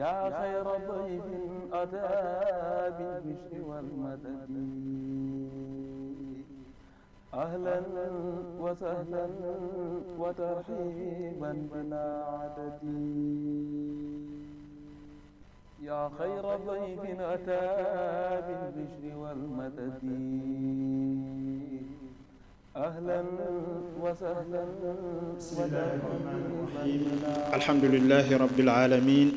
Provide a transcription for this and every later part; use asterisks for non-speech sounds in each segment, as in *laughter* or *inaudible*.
yaa xayra dayfin ataa bil bushri wal madadi ahlan wa sahlan wa tarhiiban bilaa adadi yaa xayra dayfin ataa bil bushri wal madadi ahlan wa sahlan wa tarhiiban bilaa adadi alhamdulillaahi rabbil aalamiin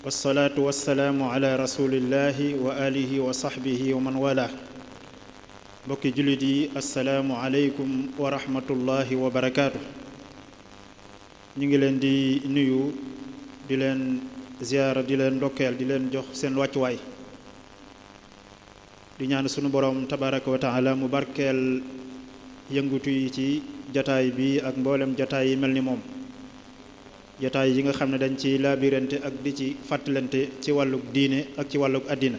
wa wasalaamu ala rasulillahi wa alihi wa sahbihi wa man wala mbokki jullit yi asalaamu aleykum wa rahmatullahi wa barakaatu ñu ngi leen di nuyu di leen ziyaara di leen ndokkeel di leen jox seen wàccuwaay di ñaan sunu boroom tabaraka wa taala mu barkeel yëngutu yi ci jataay bi ak mboolem jataay yi mel ni moom jataay yi nga xam ne dañ ci laabirante ak di ci fàttalante ci wàlluk diine ak ci wàlluk àddina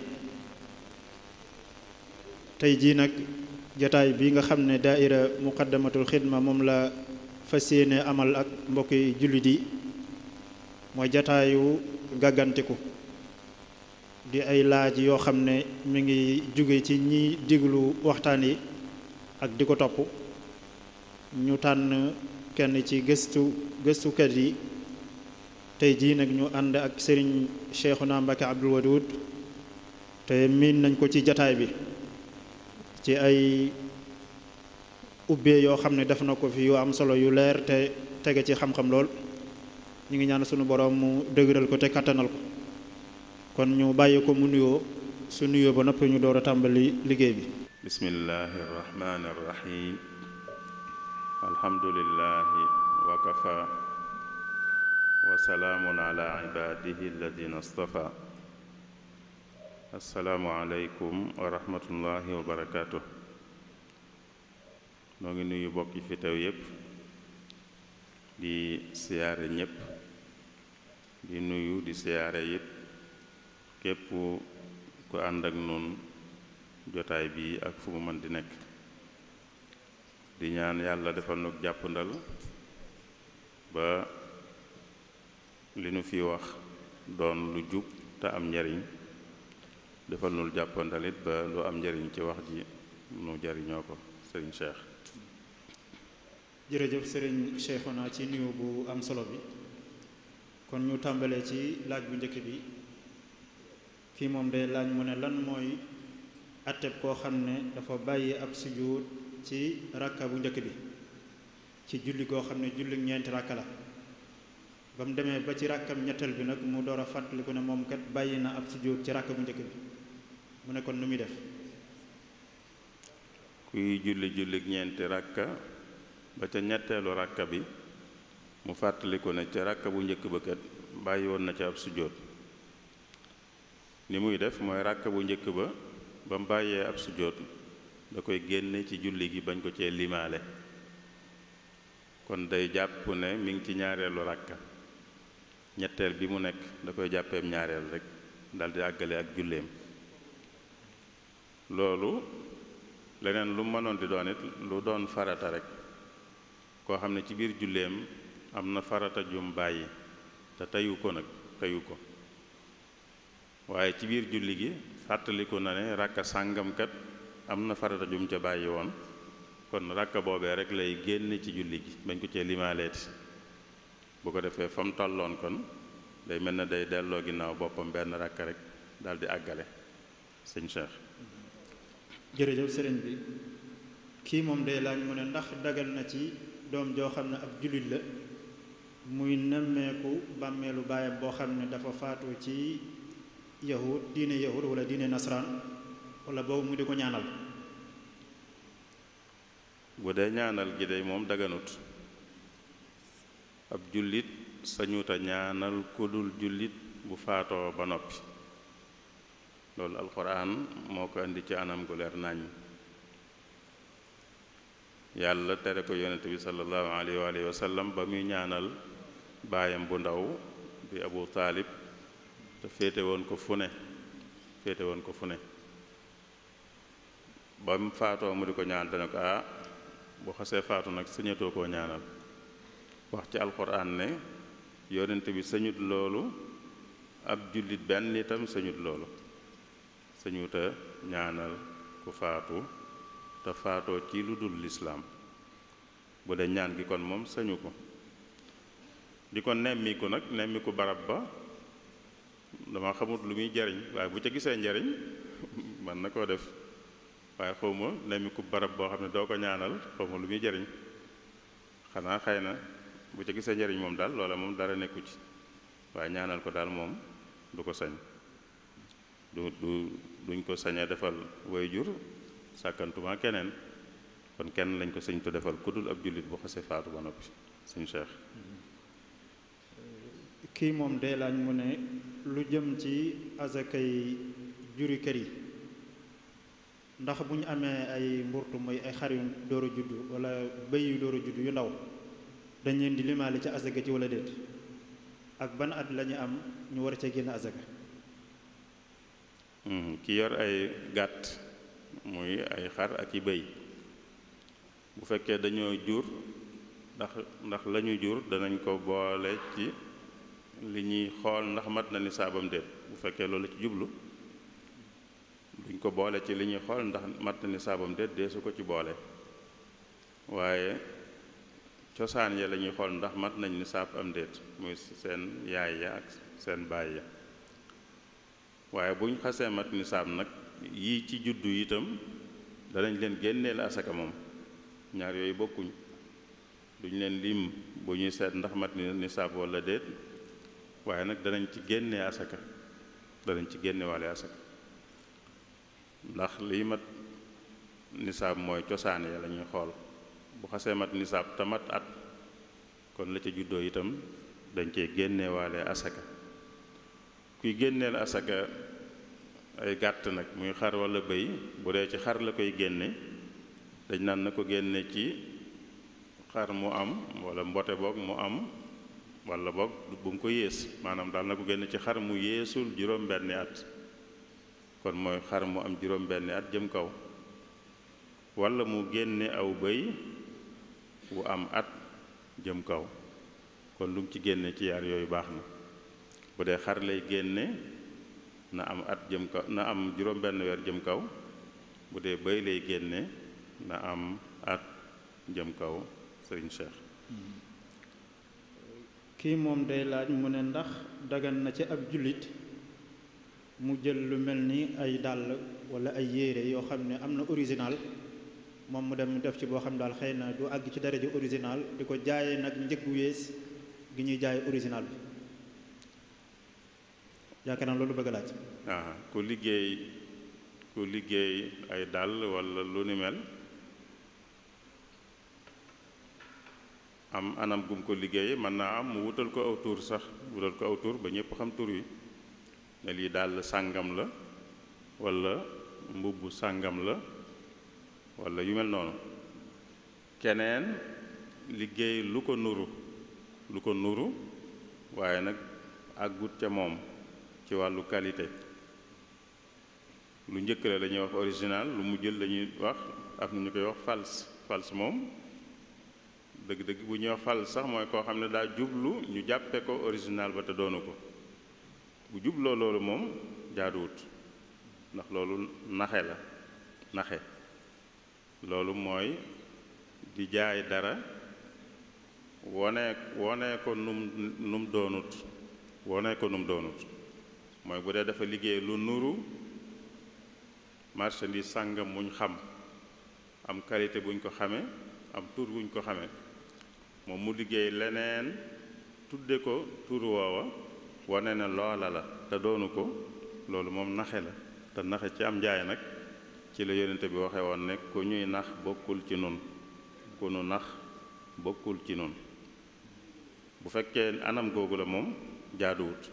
tey jii nag jataay bi nga xam ne daa daaira muqaddamatul xidma moom la fas yéene amal ak mbokki jullit yi mooy jataayu gàggantiku di ay laaj yoo xam ne mu ngi jóge ci ñi diglu waxtaan yi ak di ko topp ñu tànn kenn ci gëstu gëstukat yi tey jii nag ñu ànd ak Serigne Cheikhouna Mbacké Abdoul Wadoud te miin nañ ko ci jataay bi ci ay ubbee yoo xam ne def na ko fi yu am solo yu leer te tege ci xam-xam lool ñu ngi ñaan sunu boroom mu dëgëral ko te kattanal ko kon ñu bàyyi ko mu nuyoo su nuyoo ba noppi ñu door a tàmbali liggéey bi bismillahi alhamdulillahi wa wa salaamun ala ibaadihi alladina assalaamu aleykum wa rahmatullahi noo ngi nuyu bokk yi yépp di siyaare ñépp di nuyu di siyaare it képp ku ànd ak nun jotaay bi ak fu mu mën di nekk di ñaan yàlla defal nu jàppandal ba li nu fi wax doon lu jub te am njariñ defal nul jàppandalit ba lu am njariñ ci wax ji nu jariñoo ko sëriñ Cheikh jërëjëf sëriñ Cheikhouna ci nuyu bu am solo bi kon ñu tàmbalee ci laaj bu njëkk bi fii moom day laaj mu ne lan mooy atteb koo xam ne dafa bàyyi ab sujjóot ci rakka bu njëkk bi ci julli koo xam ne julli ñeenti rakka la ba demee ba ci rakkam ñetteel bi nag mu door a fàttaliku ne moom kat bàyyi na ab sujjóot ci rakk bu njëkk bi mu ne kon nu muy def kuy julli jullig ñeenti rakka ba ca ñetteelu rakka bi mu fàttaliku ne ca rakka bu njëkk ba kat woon na ca ab ni muy def mooy rakka bu njëkk ba ba mu bàyyee ab sujjóot da koy génne ci julli gi bañ ko cee limaale kon day jàpp ne mi ngi ci ñaareelu rakka ñetteel bi mu nekk da koy jàppeem ñaareel rek daldi àggale ak julleem loolu leneen lu mënoon di doon it lu doon farata rekk koo xam ne ci biir julleem am na farata jum bàyyi te teyu ko nag teyu ko waaye ci biir julli gi fàttaliku na ne ràkka sàngamkat am na farata jum ca bàyyi woon kon ràkka boobee rek lay génn ci julli gi bañ ko cee limaaleeti bu ko defee fa tolloon kon day mel ne day delloo ginnaaw boppam benn rakk rek daal di àggale sëñ Cheikh. jërëjëf sëriñ bi kii moom de laaj mu ne ndax dagal na ci doom joo xam ne ab jullit la muy nemmeeku bàmmeelu baayam boo xam ne dafa faatu ci yahud diine yahud wala diine nasaraan walla boobu mu di ko ñaanal. bu dee ñaanal gi day moom daganut. ab jullit sañuta ñaanal ku dul jullit bu faatoo ba noppi loolu alxuraan moo ko indi ci anam gu leer nañ yàlla tere ko yonent bi sallallahu alayhi wa sallam ba muy ñaanal baayam bu ndaw bi abu taalib te féete woon ko fu ne féete woon ko fu ne ba mu faatoo mu di ko ñaan dana ko ah bu xasee faatu nag sañatoo koo ñaanal wax ci alquran ne yonent bi sañut loolu ab jullit benn itam sañut loolu sañuta ñaanal ku faatu te faatoo ci lu dul lislaam bu dee ñaan gi kon moom sañu ko di ko nemmiku nag nemmiku barab ba dama xamut lu muy jariñ waaye bu ca gisee njariñ *laughs* man na koo def waaye xawma nemmiku barab boo xam ne doo ko ñaanal xawma lu muy jariñ xanaa xëy na bu ca gisee njariñ moom daal loola moom dara nekku ci waaye ñaanal ko daal moom du ko sañ du du duñ ko sañ defal way jur sàkkantuma keneen kon kenn lañ ko sëñ defal ku dul ab jullit bu xasee faatu ba noppi suñu cheikh kii moom dee laaj mu ne lu jëm ci azakay juri kër yi ndax bu ñu amee ay mburtu muy ay xar yu door a juddu wala bëy yu door a juddu yu ndaw dañ leen di limaale ca azaka ci wala déet ak ban at lañu am ñu war cee génn azaka hmm, ki yor ay gàtt muy ay xar ak i bëy bu fekkee dañoo jur ndax ndax lañu jur danañ ko boole ci li ñuy xool ndax mat na ni saabam déet bu fekkee loolu ci jublu duñ ko boole ci li ñuy xool ndax mat na ni saabam déet dee su ko ci boole waaye cosaan ya la ñuy xool ndax mat nañ ni sàpp am déet muy seen yaay ya ak seen baay ya waaye buñ xasee mat ni sàpp nag yii ci juddu itam danañ leen génneel asaka moom ñaar yooyu bokkuñ duñ leen lim bu ñuy seet ndax mat ni sàpp wala déet waaye nag danañ ci génnee asaka danañ ci génne asaka ndax liy mat nisaab mooy cosaan ya la ñuy xool bu xasee mat nisaab tamat at kon la ca juddoo itam dañ cey génneewaale asaka kuy génneel asaka ay gàtt nag muy xar wala bëy bu dee ci xar la koy génne dañ naan na ko génne ci xar mu am wala mbote boog mu am wala boog bu mu ko yées maanaam daal na ko génne ci xar mu yéesul juróom-benni at kon mooy xar mu am juróom-benni at jëm kaw wala mu génne aw bëy bu am at jëm kaw kon lu mu ci génne ci yar yooyu baax na bu dee xar lay génne na am at jëm kaw na am juróom-benn weer jëm kaw bu dee bëy lay génne na am at jëm kaw sëriñ Cheikh. kii moom day laaj mu ne ndax dagan na ci ab jullit mu jël lu mel ni ay dàll walla ay yére yoo xam ne am na original. moom mu dem def ci boo xam daal xëy na du àgg ci daraja original di ko jaayee nag njëg bu yées gi ñuy jaay original bi yaakaar naa loolu bëgg laaj ah ku liggéey ku liggéey ay dàll walla lu ni mel am anam gum ko liggéey mën naa am mu wutal ko aw tur sax wutal ko aw tur ba ñëpp xam tur wi ne lii dàll sàngam la walla mbubb sàngam la wala yu mel noonu keneen liggéey lu ko nuru lu ko nuru waaye nag àggut ca moom ci wàllu qualité lu njëkk la dañuy wax original lu mu jël dañuy wax ak ñu koy wax fals fals moom dëgg-dëgg bu ñuy wax fals sax mooy koo xam ne daa jublu ñu jàppe ko original ba te doonu ko bu jubloo loolu moom jaaduwut ndax loolu naxe la naxe loolu mooy di jaay dara wone wone ko num num doonut wone ko num doonut mooy bu dee dafa liggéey lu nuru marchandise sàngam muñ xam am qualité buñ ko xamee am tur buñ ko xamee moom mu liggéey leneen tudde ko tur woowa wane na loola la te doonu ko loolu moom naxe la te naxe ci am njaay nag ci la yonente bi waxe woon ne ku ñuy nax bokkul ci nun ku nu nax bokkul ci nun bu fekkee anam googu la moom jaaduwut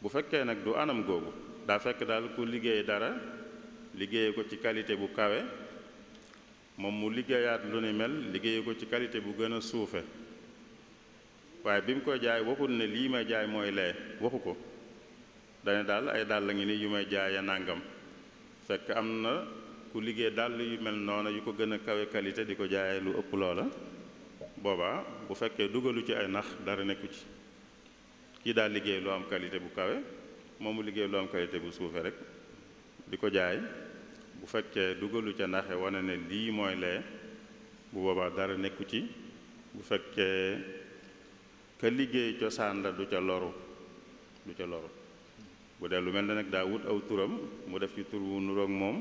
bu fekkee nag du anam googu daa fekk daal ku liggéey dara liggéeye ko ci qualité bu kawe moom mu liggéeyaat lu ni mel liggéeye ko ci qualité bu gën a suufe waaye bi mu koy jaay waxul ne lii may jaay mooy lee waxu ko dane daal ay dàll ngi ni yu may jaaye nàngam fekk am na ku liggéey dàll yu mel noona yu ko gën a kawe qualité di ko jaayee lu ëpp loola boobaa bu fekkee dugalu ci ay nax dara nekku ci kii daal liggéey lu am qualité bu kawe moomu liggéey lu am qualité bu suufe rek di ko jaay bu fekkee dugalu ca naxe wane ne lii mooy lee bu boobaa dara nekku ci bu fekkee ka liggéey cosaan la du ca loru du ca loru bu dee lu mel ne nag daa wut aw turam mu def ci tur wu nuroog moom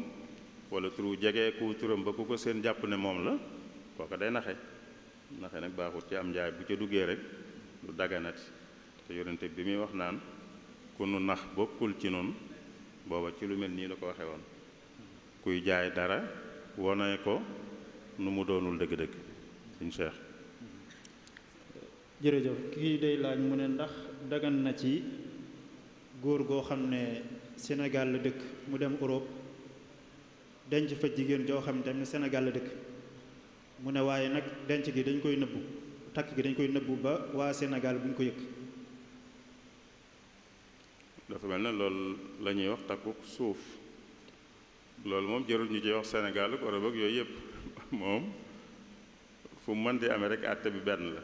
wala tur wu jege ku turam ba ku ko seen jàpp ne moom la kooka day naxe naxe nag baaxut ci am njaay bu ca duggee rek lu daganat te yonente bi muy wax naan ku nu nax bokkul ci noonu booba ci lu mel nii la ko waxe woon kuy jaay dara wone ko nu mu doonul dëgg-dëgg suñ Cheikh kii day laaj mu ne ndax dagan na ci góor goo xam ne Sénégal la dëkk mu dem Europe denc fa jigéen joo xam ne tamit Sénégal la dëkk mu ne waaye nag denc gi dañ koy nëbbu takk gi dañ koy nëbbu ba waa Sénégal bu ñu ko yëg dafa mel ne loolu la ñuy wax takku suuf loolu moom jarul ñu ci wax Sénégal ak Europe yooyu yëpp *laughs* moom fu mu mën di amee rek àtte bi benn la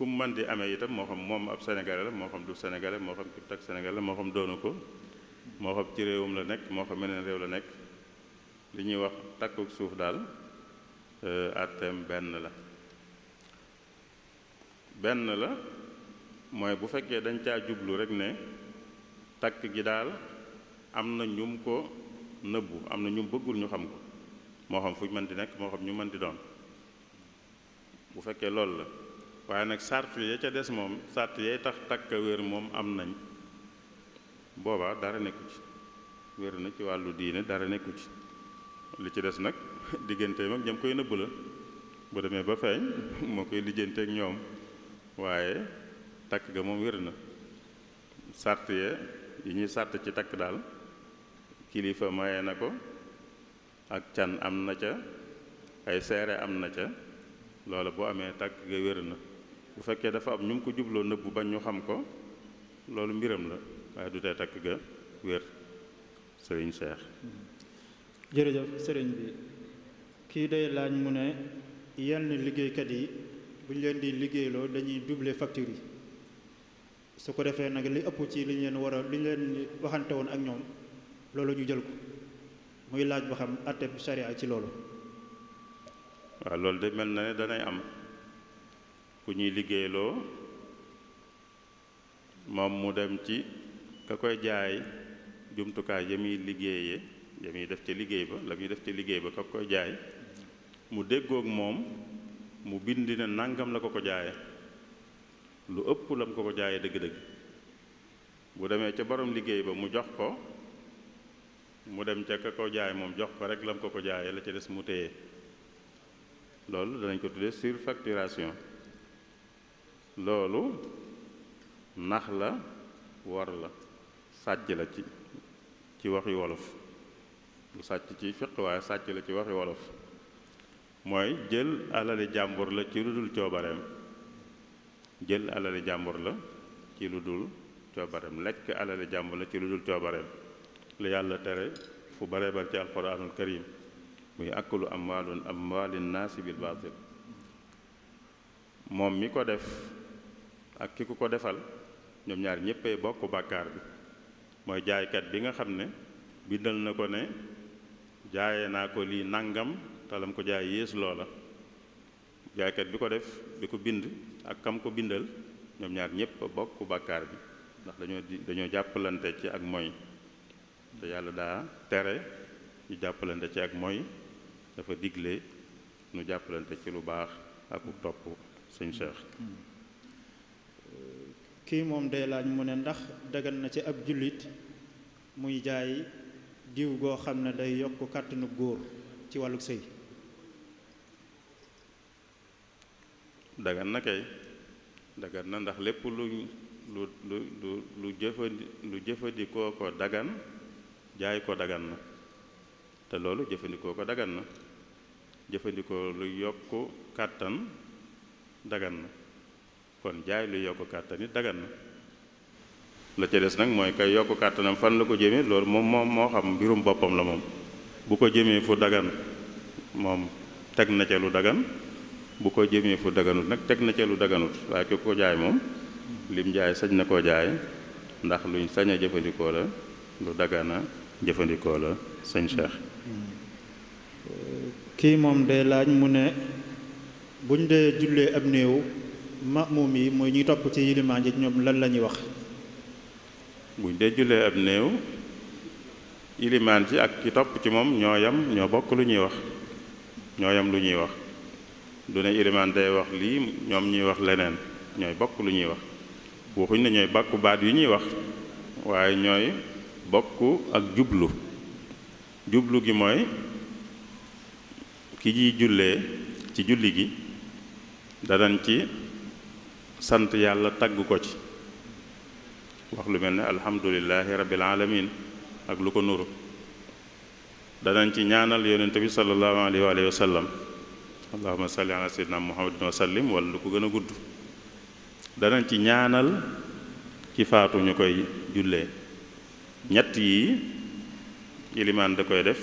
ku mu mën di amee itam moo xam moom ab sénégalais moo xam du sénégalais moo xam ki takk sénégalais la moo xam doonu ko moo xam ci réewum la nekk moo xam meneen réew la nekk li ñuy wax takku suuf daal euh, àtteem benn la benn la mooy bu fekkee dañ caa jublu rek ne takk gi daal am na ñum ko nëbbu am na ñum bëggul ñu xam ko moo xam fu ñu mën di nekk moo xam ñu mën di doon bu fekkee loolu la waaye nag sart ya ca des moom sart yay tax takk wér moom am nañ booba dara nekku ci wér na ci wàllu diine dara nekku ci li ci des nag *laughs* diggante mag ñam koy nëbb la bu demee ba feeñ *laughs* moo koy lijjanteek ñoom waaye takk ga moom wér na sart ya yi ñuy sart ci takk daal kilifa maye na ko ak can am na ca ay seere am na ca loola boo amee takk ga wér na bu fekkee dafa am ñu mu ko jubloo nëbbu bañ ñu xam ko loolu mbiram la waaye du tee takk ga wér sëriñ Cheikh. jërëjëf sëriñ bi kii day laaj mu ne yenn liggéeykat yi bu ñu leen di liggéeyloo dañuy doubler facture yi su ko defee nag li ëpp ci li ñu leen war a li ñu leen waxante woon ak ñoom loolu ñu jël ko muy laaj ba xam àtteb sharia ci loolu. waaw loolu de mel na ne danay am. ku ñuy liggéeyloo moom mu dem ci ka koy jaay jumtukaay ya muy liggéeyee ya def ca liggéey ba la muy def ca liggéey ba ka koy jaay mu déggook moom mu bind ne nangam la ko ko jaaye lu ëpp lam ko ko jaaye dëgg-dëgg bu demee ca borom liggéey ba mu jox ko mu dem ca ka ko jaay moom jox ko rek lam ko ko jaaye la ca des mu téye loolu danañ ko tuddee surfacturation loolu nax la war la sàcc la ci ci waxi wolof bu sàcc ci fiq waaye sàcc la ci waxi wolof mooy jël alali jàmbur la ci lu dul coobareem jël alali jàmbur la ci lu dul coobareem lekk alali jàmbur la ci lu dul coobareem lu yàlla tere fu bare bare ci alquranul karim muy akulu amwaalun amwaalin naasi bil moom mi ko def ak ki ku ko defal ñoom ñaar ñëppee bokk bàkkaar bi mooy jaaykat bi nga xam ne bindal na ko ne jaaye naa ko lii nangam talam ko jaay yées loola jaaykat bi ko def bi ko bind ak kam ko bindal ñoom ñaar ñëpp bokk bàkkaar bi ndax dañoo dañoo jàppalante ci ak mooy te yàlla daa tere ñu jàppalante ci ak mooy dafa digle ñu jàppalante ci lu baax ak topp sëñ Cheikh kii moom day laaj mu ne ndax dagan na ci ab jullit muy jaay diw goo xam ne day yokk kàttanu góor ci wàllu sëy dagan na kay dagan na ndax lépp lu lu lu lu jëfandikoo ko dagan jaay ko dagan na te loolu jëfandikoo ko dagan na jëfandikoo lu yokk kàttan dagan na kon jaay lu yokk kàttan dagan na la ca des nag mooy kay yokk kàttanam fan la ko jëmee loolu moom moom moo xam mbirum boppam la moom bu ko jëmee fu dagan moom teg na ca lu dagan bu ko jëmee fu daganut nag teg na ca lu daganut waaye ki ko jaay moom lim jaay sañ na koo jaay ndax luñ sañ a jëfandikoo la lu dagana jëfandikoo la sëñ Cheikh kii moom day laaj mu ne buñ dee jullee ab néew ma ma'muum yi mooy ñuy topp ci yilimaan ji ñoom lan lañuy ñuy wax buñ dee jullee ab néew ilimaan ji ak ki topp ci moom ñooyam ñoo bokk lu ñuy wax ñooyam lu ñuy wax du ne ilimaan day wax lii ñoom ñuy wax leneen ñooy bokk lu ñuy wax waxuñ ne ñooy bàkku baat yu ñuy wax waaye ñooy bokk ak jublu jublu gi mooy ki jiy jullee ci julli gi danañ ci sant yàlla tàgg ko ci wax lu mel ne alhamdulilahi rabbil alamin ak lu ko nuru danañ ci ñaanal yonent bi sallallahu alayhi wa alihi wa sallam allahuma salli ala muhammadin wa sallim lu ko gën a gudd danañ ci ñaanal ci faatu ñu koy jullee ñett yi ilimaan da koy def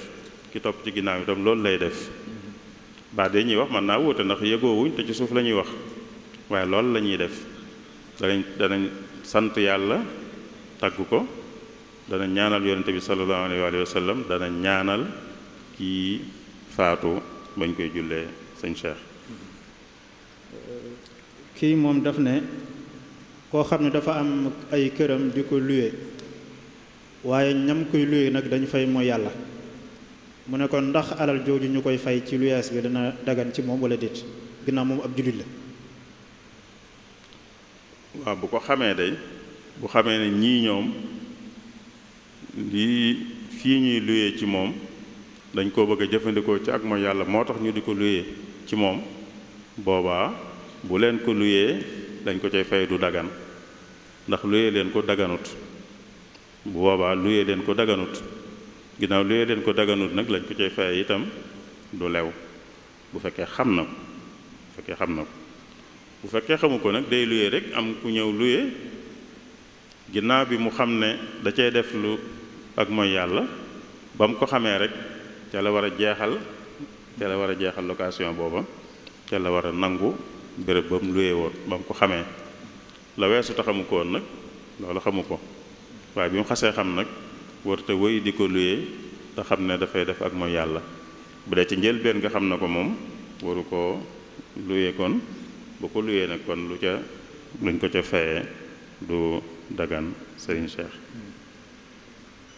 ki topp ci ginnaaw itam loolu lay def baa de ñuy wax man naa wóote ndax yëgoowuñ te ci suuf lañuy wax waaye loolu lañuy def danañ danañ sant yàlla tagg ko dana ñaanal yonente bi sallallahu alayhi wa sallam dana ñaanal kii faatu bañ koy jullee sëñ Cheikh kii moom daf ne koo xam ne dafa am ay këram di ko luye waaye ñam koy luye nag dañu fay mooy yàlla mu ne kon ndax alal jooju ñu koy fay ci luyaas bi dana dagan ci moom walla déet ginnaaw moom ab jullit la waaw bu ko xamee day bu xamee ne ñii ñoom lii fii ñuy luye ci moom dañ koo bëgg jëfandikoo ci ak mooy yàlla moo tax ñu di ko luye ci moom boobaa bu leen ko luyee dañ ko cay fay du dagan ndax luyee leen ko daganut bu boobaa luyee leen ko daganut ginnaaw luyee leen ko daganut nag lañ ko cay fay itam du lew bu fekkee xam na ko bu fekkee xam na ko bu fekkee xamu ko nag day luye rek am ku ñëw luye ginnaaw bi mu xam ne da cay def lu ak mooy yàlla ba mu ko xamee rek ca la war a jeexal ca la war a jeexal location booba ca la war a nangu béréb ba mu luye woon ba mu ko xamee la weesu taxamu koon nag loolu xamu ko waaye bi mu xasee xam nag warute wéy di ko luye te xam ne dafay def ak mooy yàlla bu dee ci njëlbeen nga xam na ko moom waru koo luye kon bu ko luyee nag kon lu ca luñ ko ca fayee du dagan Serigne Cheikh.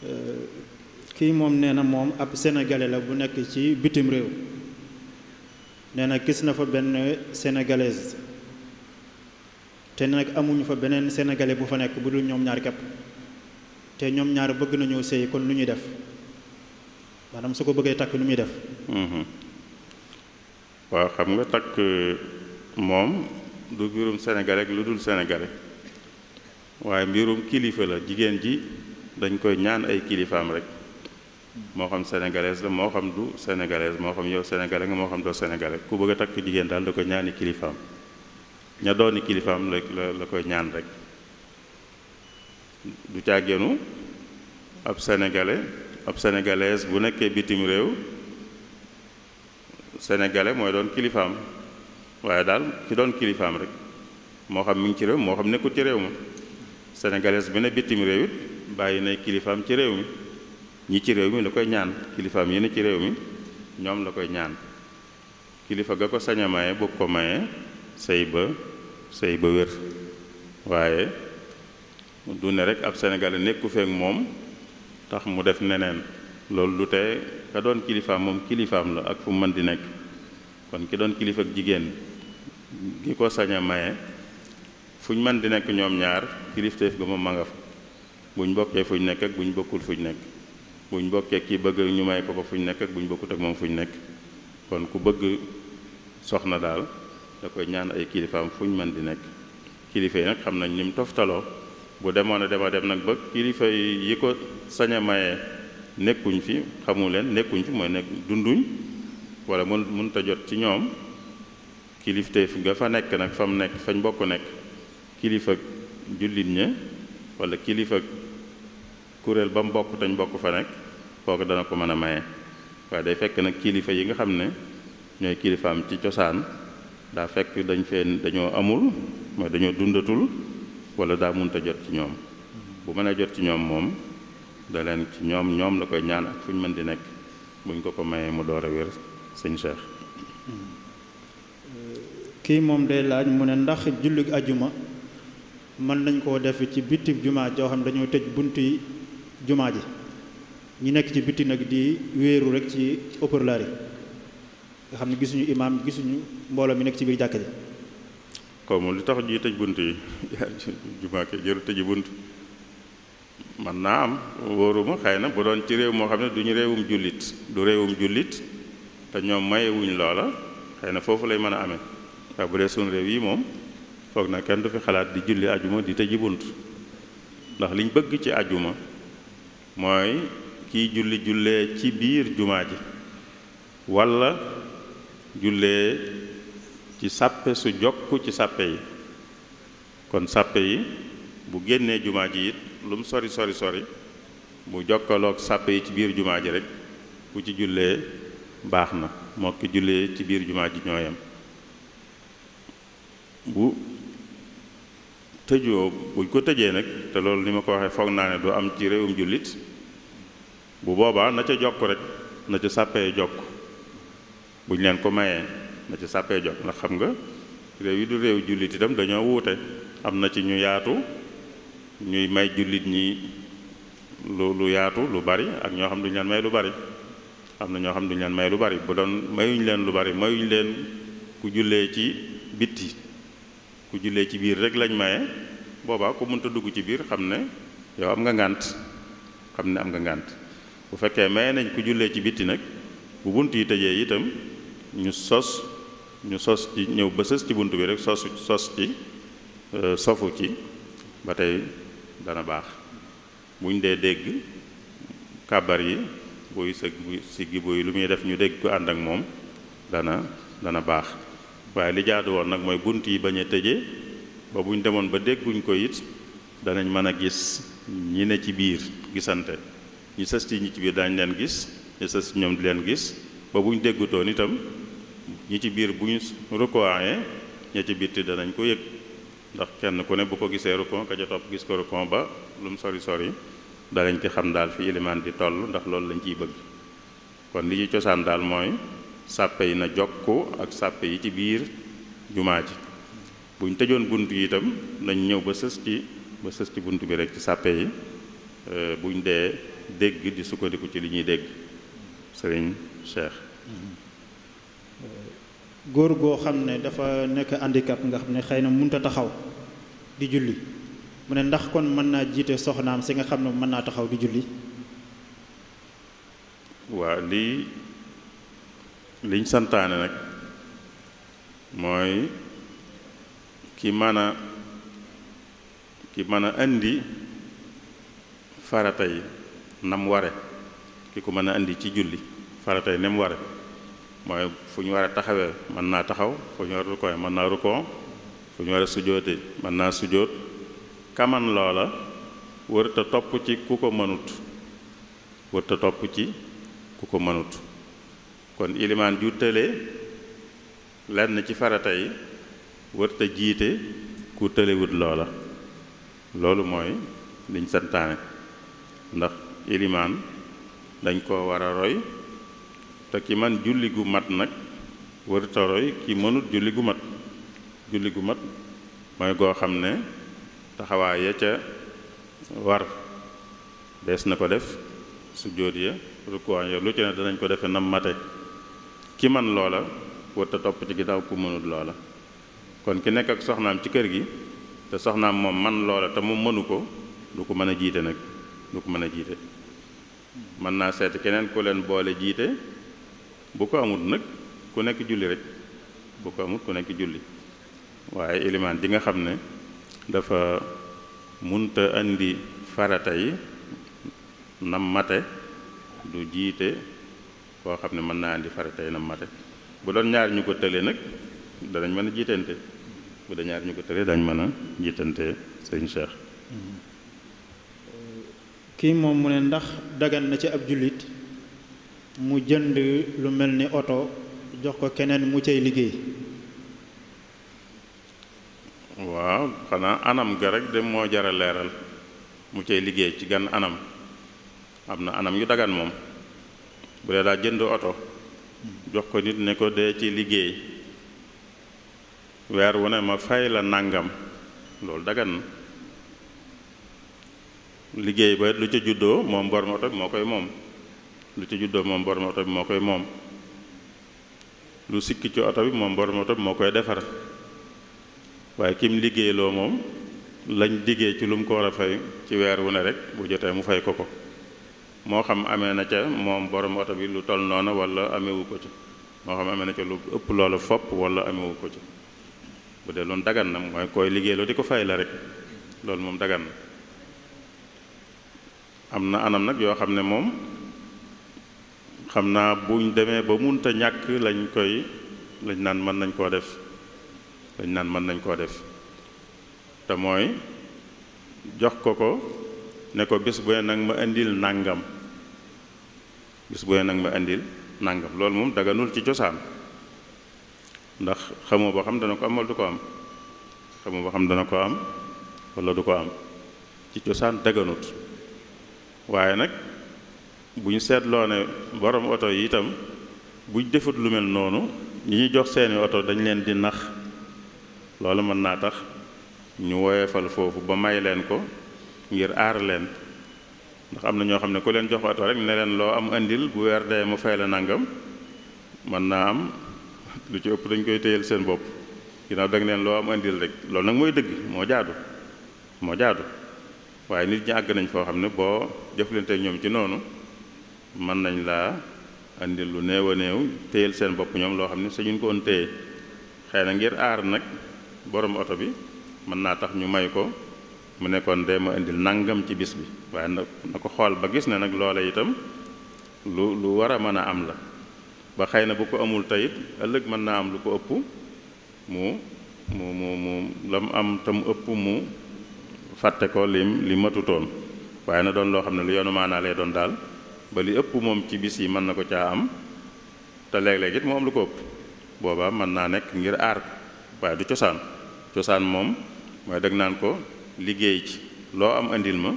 Euh, kii moom nee na moom ab sénégalais la bu nekk ci bitim réew nee na gis na fa benn sénégalaise te nag amuñu fa beneen sénégalais bu fa nekk bu dul ñoom ñaar képp te ñoom ñaar bëgg nañoo sëy kon lu ñuy def maanaam su ko bëggee takk lu muy def. Mhm. waaw xam nga takk. moom du mbirum Sénégal rek lu dul Sénégal waaye mbirum kilifa la jigéen ji dañ koy ñaan ay kilifaam rek moo xam sénégalaise la moo xam du sénégalaise moo xam yow sénégalais nga moo xam doo sénégalais ku bëgg a takk jigéen daal da ko ñaani kilifaam ña dooni kilifaam la la koy ñaan rek du càggeenu ab sénégalais ab sénégalaise bu nekkee bitim réew sénégalais mooy doon kilifaam waaye daal ki doon kilifaam rek moo xam mi ngi ci réew moo xam nekkul ci réew ma sénégalais bi ne bitim réew it bàyyi nay kilifaam ci réew mi ñi ci réew mi la koy ñaan kilifaam yi ci réew mi ñoom la koy ñaan kilifa ga ko sañ a maye bëgg ko maye sëy ba sëy ba rek ab sénégalais nekku feek moom tax mu def neneen loolu du tee ka kilifaam moom kilifaam la ak fu mu di nekk kon ki doon kilifa jigéen gi ko sañ a maye fu ñu mën di nekk ñoom ñaar kilifteef ga moom ma nga fa buñ bokkee fuñ nekk ak ñu bokkul fuñ nekk buñ bokkee kii bëgg ñu may ko ko fuñ nekk ak buñ bokkut ak moom nekk kon ku bëgg soxna daal da koy ñaan ay kilifaam fuñ mën di nekk kilifa yi nag xam nañ ni mu toftaloo bu demoon a dem a dem nag ba kilifa yi ko sañ a maye nekkuñ fi xamu leen nekkuñ fi mooy nekk dunduñ wala mën mënut a jot ci ñoom. kilifteef nga fa nekk nag fa mu nekk fañ bokk nekk kilifa ak jullit ña wala kilifa ak kuréel ba mu bokk tañ bokk fa nekk kooku dana ko mën a maye waaye day fekk nag kilifa yi nga xam ne ñooy kilifaam ci cosaan daa fekk dañ feen dañoo amul mooy dañoo dundatul wala daa munta jot ci ñoom bu mënee jot ci ñoom moom da leen ci ñoom ñoom la koy ñaan ak fu ñu mën di nekk buñ ko ko mayee mu door a wér sëñ Cheikh kii moom day laaj mu ne ndax jullig ajuma mën nañ koo def ci bitti jumaa joo xam ne dañoo tëj bunti jumaa ji ñu nekk ci bitti nag di wéeru rek ci haut nga xam ne gisuñu imaam gisuñu mbooloo mi nekk ci biir jàkka ji lu tax ji tëj bunt yi jumaa kay jëru tëji bunt man naa am wóoruma xëy na bu doon ci réew moo xam ne du ñu réewum jullit du réewum jullit te ñoom mayewuñ loola xëy na foofu lay mën a amee waaw bu réew yi moom foog na kenn du fi xalaat di julli ajuma di tëji bunt ndax liñ bëgg ci ajuma mooy kiy julli jullee ci biir jumaa ji walla jullee ci sàppe su jokk ci sàppe yi kon sàppe yi bu génnee jumaa ji it lu sori sori sori mu jokkaloog sàppe yi ci biir jumaa ji rek ku ci jullee baax na moo jullee ci biir jumaa ji ñooyam bu tëjoo buñ ko tëjee nag te loolu li ma ko waxee foog naa ne du am ci réewum jullit bu boobaa na ca jokk rek na ca sàppee jokk buñ leen ko mayee na ca sàppee jokk ndax xam nga réew yi du réew jullit itam dañoo wuute am na ci ñu yaatu ñuy may jullit ñi lu lu yaatu lu bari ak ñoo xam duñu leen may lu bari am na ñoo xam duñu leen may lu bari bu doon mayuñ leen lu bari mayuñ leen ku jullee ci yi ku jullee ci biir rek lañ maye boobaa ku mënta dugg ci biir xam ne yow am nga ngànt xam ne am nga ngànt bu fekkee maye nañ ku jullee ci bitti nag bu bunt yi tëjee itam ñu sos ñu sos ci ñëw ba ci bunt bi rek sosu sos ci euh, sofu ci ba tey dana baax buñ dee dégg kàbbar yi buy sëgg buy siggi buy lu muy def ñu dégg ko ànd ak moom dana dana baax waaye li jaadu woon nag mooy bunt yi bañ a tëjee ba buñ demoon ba dégguñ ko it danañ mën a gis ñi ne ci biir gisante ñi sës ci ñi ci biir daañ leen gis ñi sës ci ñoom di leen gis ba buñ déggutoon itam ñi ci biir buñ rukoaye ña ci bitti danañ ko yëg ndax kenn ku ne bu ko gisee rukon ka gis ko rukon ba lu mu sori sori danañ ci xam daal fi ilimaan di toll ndax loolu lañ ciy bëgg kon li ci cosaan daal mooy sàppe yi na jokkoo ak sàppe yi ci biir jumaa ji buñ tëjoon bunt yi itam nañ ñëw ba sës ci ba sës ci bunt bi rek ci sàppe yi euh, buñ dee dégg di sukkandiku ci li ñuy dégg sëriñ Cheikh euh, góor goo xam ne dafa nekk handicap nga xam ne xëy na mënut a taxaw di julli mu ne ndax kon mën naa jiite soxnaam si nga xam ne mën naa taxaw di julli waa lii liñ santaane nag mooy ki mën a ki mën a indi farata yi nam ware ki ko mën a indi ci julli farata yi nem ware mooy fu ñu war taxawee mën naa taxaw fu ñu war a rukkoo mën naa rukkoo fu ñu war a sujootee mën naa sujoot kaman loola wërta topp ci ku ko mënut wërta topp ci ku ko mënut kon ilimaan ju tële na ci farata yi wërta jiite ku tëlewut loola loolu mooy liñ santaane ndax ilimaan dañ ko war a roy te ki man julli gu mat nag wërta ki mënut julli gu mat julli gu mat mooy goo xam ne taxawaay ya ca war dees na ko def su jóot ya rukkuwaan ya lu ci ne danañ ko defe nam ki man loola wërta topp ci ginnaaw ku mënul loola kon ki nekk ak soxnaam ci kër gi te soxnaam moom man loola te mu mënu ko du ko mën a jiite nag du ko mën a jiite mën naa seet keneen ku leen boole jiite bu ko amut nag ku nekk julli rek bu ko amut ku nekk julli waaye ilimaan di nga xam ne dafa munta indi farata yi nam mate du jiite foo xam ne mën naa di farata yi na mate bu doon ñaar ñu ko tëlee nag danañ mën a jiitante bu da ñaar ñu ko tëlee dañ mën a jiitante sëñ Cheikh kii moom mu ne ndax dagan na ci ab jullit mu jënd lu mel ni oto jox ko keneen mu cay liggéey waaw xanaa anam ga rek de moo jara leeral mu cay liggéey ci gan anam am na anam yu dagan moom bu dee daa jënd oto jox ko nit ne ko dee ci liggéey weer wu ne ma fay la nàngam loolu dagan na liggéey ba lu juddoo moom borom oto lu ca juddoo moom borom oto bi moo koy moom lu sikki ci oto bi moom borom oto bi moo koy defar waaye kim liggéey loo moom lañ liggéey ci lu mu ko war a fay ci weer wu rek bu jotee mu fay ko ko moo xam amee na ca moom borom oto bi lu toll noonu walla amewu ko ci moo xam amee na ca lu ëpp loola fopp wala amewu ko ci bu dee loolu dagan na mooy koy liggéeyloo di ko fay la rek loolu moom dagan na am na anam nag yoo xam ne moom xam naa buñ demee ba munta ñàkk lañ koy lañ naan mën nañ koo def lañ naan mën nañ koo def te mooy jox ko ko ne ko bés bu ne nag ma indil nangam bés bu ne nag ma indil nangam loolu moom daganul ci cosaan ndax xamoo ba xam dana ko am wala du ko am xamoo ba xam dana ko am wala du ko am ci cosaan daganut waaye nag bu ñu seetloo ne borom oto yi itam buñ defut lu mel noonu ñi ñuy jox seeni oto dañ leen di nax loolu mën naa tax ñu woyefal foofu ba may leen ko ngir aar leen ndax am na ñoo xam ne ku leen jox oto rek ne leen loo am indil bu weer dee mu fay la nangam mën naa am lu ci ëpp dañ koy téyel seen bopp ginnaaw da leen loo am indil rek loolu nag mooy dëgg moo jaadu moo jaadu waaye nit ñi àgg nañ foo xam ne boo jëflante ñoom ci noonu mën nañ laa indil lu néew a néew téyel seen bopp ñoom loo xam ne sañuñ ko woon téye xëy na ngir aar nag borom oto bi mën naa tax ñu may ko mu nekkoon de ma indil nangam ci bis bi waaye na na ko xool ba gis ne nag loola itam lu lu war a mën a am la ba xëy na bu ko amul tayit ëllëg mën naa am lu ko ëpp mu mu mu mu la mu am tam ëpp mu fàtte ko lim li matutoon waaye na doon loo xam ne lu yoonu maanaa lay doon daal ba li ëpp moom ci bis yi mën na ko caa am te léeg-léeg it mu am lu ko ëpp boobaa mën naa nekk ngir aar waaye du cosaan cosaan moom mooy dëgg naan ko liggéey ci loo am andil ma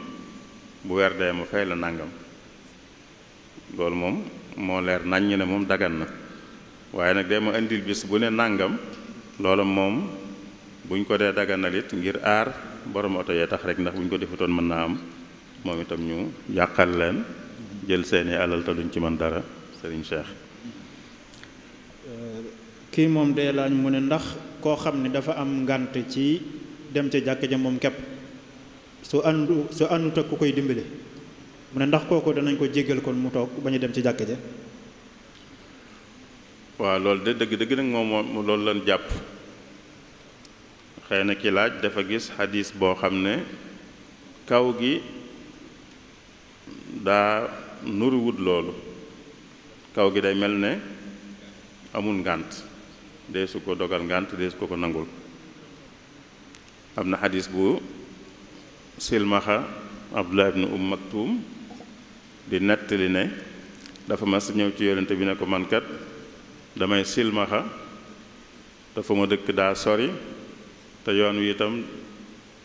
bu weer dee ma fay la nangam loolu moom moo leer naññ ne moom dagan na waaye nag dee ma andil bis bu ne nangam loola moom buñ ko dee daganal it ngir aar boroom oto yee tax rek ndax buñ ko defutoon mën naa am moom itam ñu yàqal leen jël seeni alal te ci mën dara Serigne Cheikh. kii moom dee laaj mu ne ndax koo xam ne dafa am ngànt ci. dem ca jàkk ja moom képp su àndu su àndut ak ku koy dimbale mu ne ndax kooku danañ ko jéggal kon mu toog ba a dem ci jàkk ja waaw loolu de dëgg dëgg nag moom moom loolu lañ jàpp xëy na ki laaj dafa gis xadis boo xam ne kaw gi daa nuruwut loolu kaw gi day mel ne amul ngànt dee su ko dogal ngànt dee su ko ko nangul am na xadis bu silmaxa abdullah ibnu um maktum di nettali ne dafa mas ñëw ci yonente bi ne ko mankat damay silmaxa dafa ma dëkk daa sori te yoon wi itam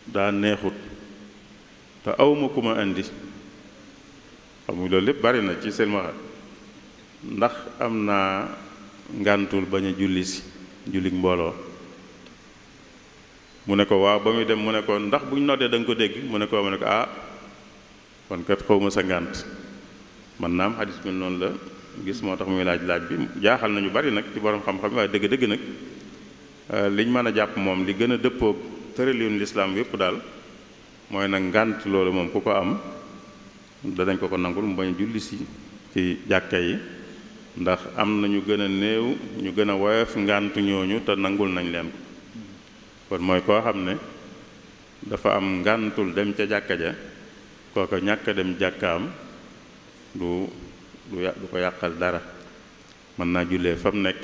daa neexut te awma ku ma indi xam loolu lépp bari na ci silmaxa ndax am naa ngàntul bañ a julli si julli mbooloo mu ne ko waaw ba muy dem mu ne ko ndax bu ñu noddee da ko dégg mu ne ko mu ne ko ah kon kat xaw ma sa ngànt man naam xadis bi noonu la gis moo tax muy laaj laaj bi jaaxal nañu bari nag ci borom xam-xam dëgg-dëgg nag euh, liñ mën a jàpp moom li gën a dëppoog tëraliyun lislaam yépp daal mooy nag ngant loolu moom ku ko am danañ ko ko nangul mu bañ julli si ci jàkka yi ndax am na ñu gën a néew ñu gën a woyof ngàntu ñooñu te nangul nañ leen kon mooy koo xam ne dafa am ngàntul dem ca jàkka ja kooka ñàkk dem jàkkaam du du du ko yàqal dara mën naa jullee fa mu nekk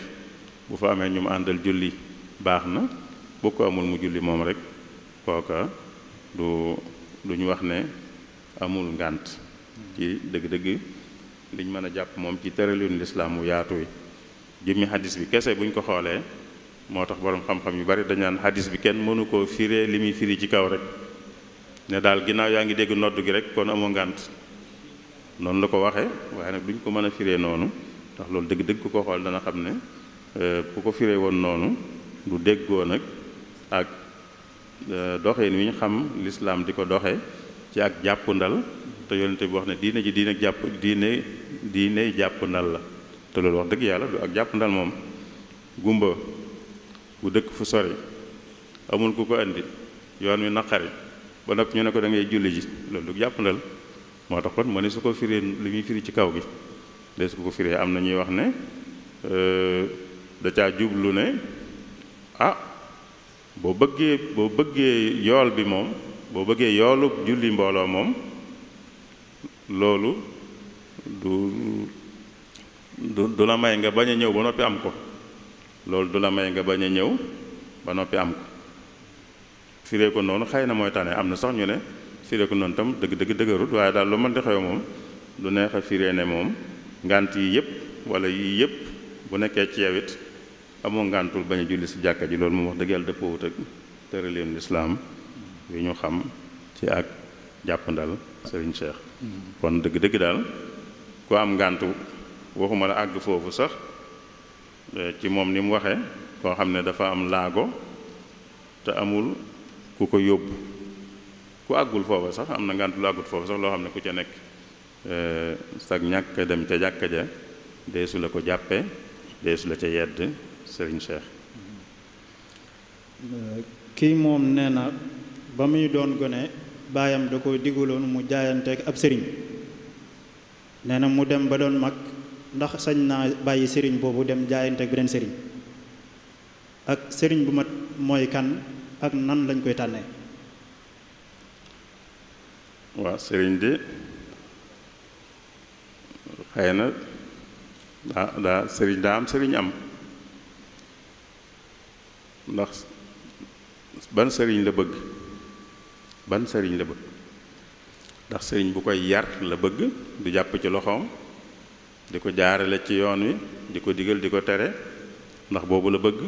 bu fa amee ñu mu àndal julli baax na bu ko amul mu julli moom rek kooka du du wax ne amul ngànt ci dëgg-dëgg liñ mën a jàpp moom ci tëralinu lislaam wu yaatu wi jëmmi xadis bi kese buñ ko xoolee moo tax borom xam-xam yu bari dañ naan hadis bi kenn mënu koo firee li muy firi ci kaw rek ne daal ginnaaw yaa ngi dégg nodd gi rek kon amoo ngànt noonu la ko waxee waaye nag duñ ko mën a firee noonu ndax loolu dëgg-dëgg ku ko xool dana xam ne euh, ku ko firee woon noonu du déggoo nag ak euh, doxeen ni ñu xam lislaam di ko doxe ci ak jàpp ndal te yonent bi wax ne diine ji diine jàpp diine diine jàpp ndal la te loolu wax dëgg yàlla du ak jàpp ndal moom gumba bu dëkk fu sori amul ku ko andi yoon wi naqari ba nag ñu ne ko da ngay julli ji loolu du jàppandal moo tax kon ma ne su ko firee li muy firi ci kaw gi de su ko firi am na ñuy wax ne euh, da caa jublu ne ah boo bëggee boo bëggee yool bi moom boo bëggee yoolu julli mbooloo moom loolu du du la may nga bañ a ñëw ba noppi am ko loolu du la may nga bañ a ñëw ba noppi am ko firee ko noonu xëy na mooy tane am na sax ñu ne firee ko noonu tam dëgg dëgg dëgërut waaye daal lu mën di xew moom du neex a firee moom ngant yi yëpp wala yëpp bu nekkee ci yow it amoo ngantul bañ julli si jàkka ji loolu moom wax dëgg yàlla dëppoowut ak tëraleenu lislaam bi ñu xam ci ak jàppandal sëriñ Cheikh mm-hmm. kon dëgg dëgg daal ku am ngàntu waxuma la àgg foofu sax ci moom ni mu waxee koo xam ne dafa am laago te amul ku ko yóbbu ku àggul foofa sax am na ngànt lu àggul foofa sax loo xam ne ku ca nekk eh, sag ñàkk dem ca jàkka ja deesu la ko jàppe deesu la ca yedd sëriñ Cheikh kii moom nee na ba muy doon gone baayam da ko digaloon mu jaayanteek ab sëriñ nee na mu dem ba doon mag ndax sañ naa bàyyi sëriñ boobu dem jaayante ak beneen sëriñ ak sëriñ bu mat mooy kan ak nan lañ koy tànnee waaw sëriñ de xëy na daa daa sëriñ daa am sëriñ am ndax ban sëriñ la bëgg ban sëriñ la bëgg ndax sëriñ bu koy yar la bëgg du jàpp ci loxoom di ko jaarale ci yoon wi di ko digal di ko tere ndax boobu la bëgg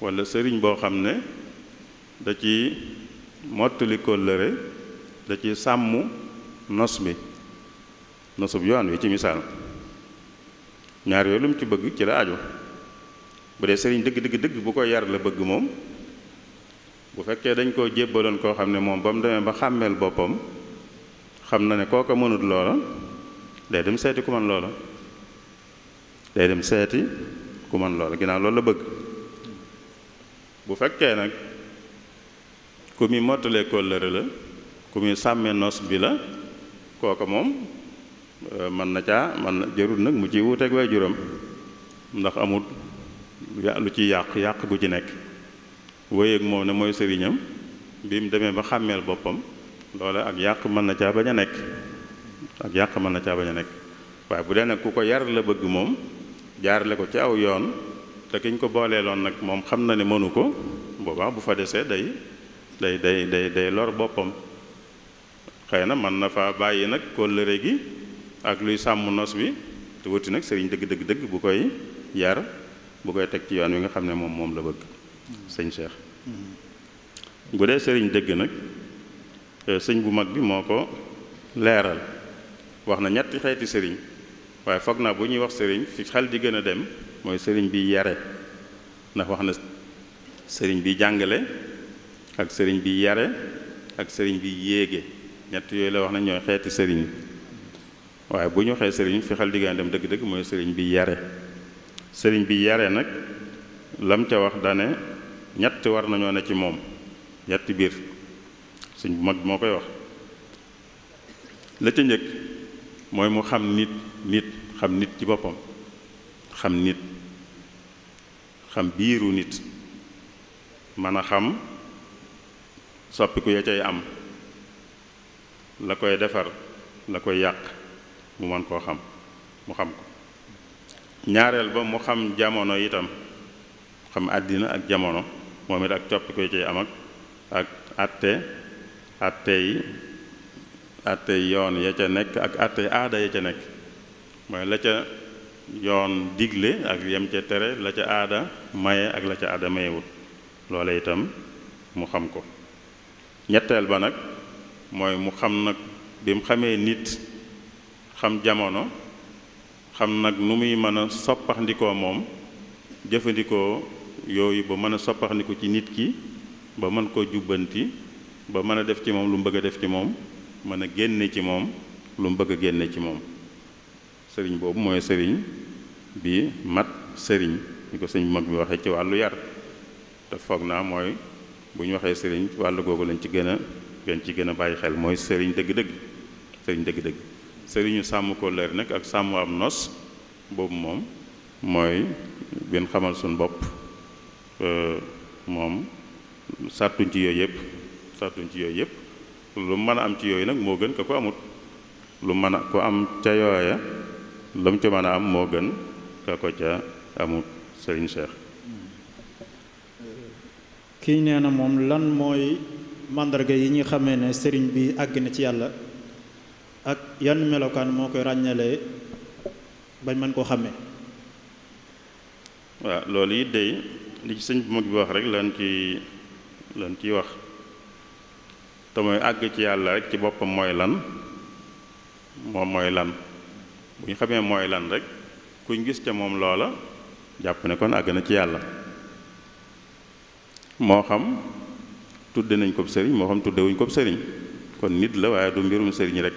walla sëriñ boo xam ne da ci mottali kóllëre da ci sàmm nos bi nosub yoon wi ci misaal ñaar yooyu lu mu ci bëgg ci la aju bu dee sëriñ dëgg dëgg dëgg bu ko yar la bëgg moom bu fekkee dañ koo jébbaloon koo xam ne moom ba mu demee ba xàmmeel boppam xam na ne kooka mënut loola day dem seeti ku man loola day dem seeti ku man loola ginnaaw loolu la bëgg bu fekkee nag ku muy mottalee kóllëre la ku muy sàmmee noos bi la kooka moom euh, mën na caa mën na jërul nag mu ci wuuteeg way juróom ndax amul lu ci yàq yàq gu ci nekk wéyeeg moom ne mooy sëriñam bi mu demee ba xàmmeel boppam loola ak yàq mën na caa bañ a nekk ak yàq mën na caa bañ a nekk waaye bu dee nag ku ko yar la bëgg moom jaarale ko ci aw yoon te kiñ ko booleeloon nag moom xam na ne mënu ko boobaa bu fa desee day day day day day lor boppam xëy na mën na fa bàyyi nag kóllëre gi ak luy sàmm nos wi te wuti nag sëriñ dëgg dëgg dëgg bu koy yar bu koy teg ci yoon wi nga xam ne moom moom la bëgg sëñ Cheikh mm-hmm. bu dee sëriñ dëgg nag eh, sëñ bu mag bi moo ko leeral wax na ñetti xeeti sëriñ waaye foog naa bu ñuy wax sëriñ fi xel di gën a dem mooy sëriñ bi yare ndax wax na sëriñ bi jàngale ak sëriñ bi yare ak sëriñ bi yéege ñett yooyu la wax na ñooy xeeti sëriñ waaye bu ñu waxee sëriñ fi xel di gën a dem dëgg-dëgg mooy sëriñ bi yare sëriñ bi yare nag lam ca wax dane ñett war nañoo ne ci moom ñetti biir suñ bu mag moo koy wax la ca njëkk mooy mu xam nit nit xam nit ci boppam xam nit xam biiru nit mën a xam soppiku ya cay am la koy defar la koy yàq mu mën koo xam mu xam ko ñaareel ba mu xam jamono itam xam àddina ak jamono moom it ak coppiku ya cay am ak ak atte atte yi attey yoon ya ca nekk ak attey aada ya ca nekk mooy la ca yoon digle ak yem ca tere la ca aada maye ak la ca aada mayewut loole itam mu xam ko ñetteel ba nag mooy mu xam nag bi mu xamee nit xam jamono xam nag nu muy mën a soppaxndikoo moom jëfandikoo yooyu ba mën a soppaxndiku ci nit ki ba mën koo jubbanti ba mën a def ci moom lu mu bëgg a def ci moom mën a génne ci moom lu mu bëgg a génne ci moom sëriñ boobu mooy sëriñ bi mat sëriñ ni ko sëñ bu mag bi waxee ci wàllu yar te foog naa mooy bu ñu waxee sëriñ wàllu googu lañ ci gën a gën ci gën a bàyyi xel mooy sëriñ dëgg-dëgg sëriñ sëriñu sàmm ko leer nag ak sàmm am nos boobu moom mooy benn xamal suñu bopp euh, moom sàttuñ ci yooyu yëpp sàttuñ ci yooyu yëpp lu mën a am ci yooyu nag moo gën ka ko amut lu mën a ko am ca yooya la mu ca man a am moo gën ka ko ca amut sëriñ Cheikh kii nee na moom lan mooy màndarga yi ñu xamee ne sëriñ bi àgg na ci yàlla ak yan melokaan moo koy ràññalee bañ mën koo xàmmee waaw loolu it day li ci sëñ bu mag bi wax rek lan ci lan ciy wax te mooy àgg ci yàlla rek ci boppam mooy lan moom mooy lan bu ñu xamee mooy lan rek kuñ gis ca moom loola jàpp ne kon àgg na ci yàlla moo xam tudde nañ ko sëriñ moo xam tudde wuñ ko sëriñ kon nit la waaye du mbirum sëriñ rek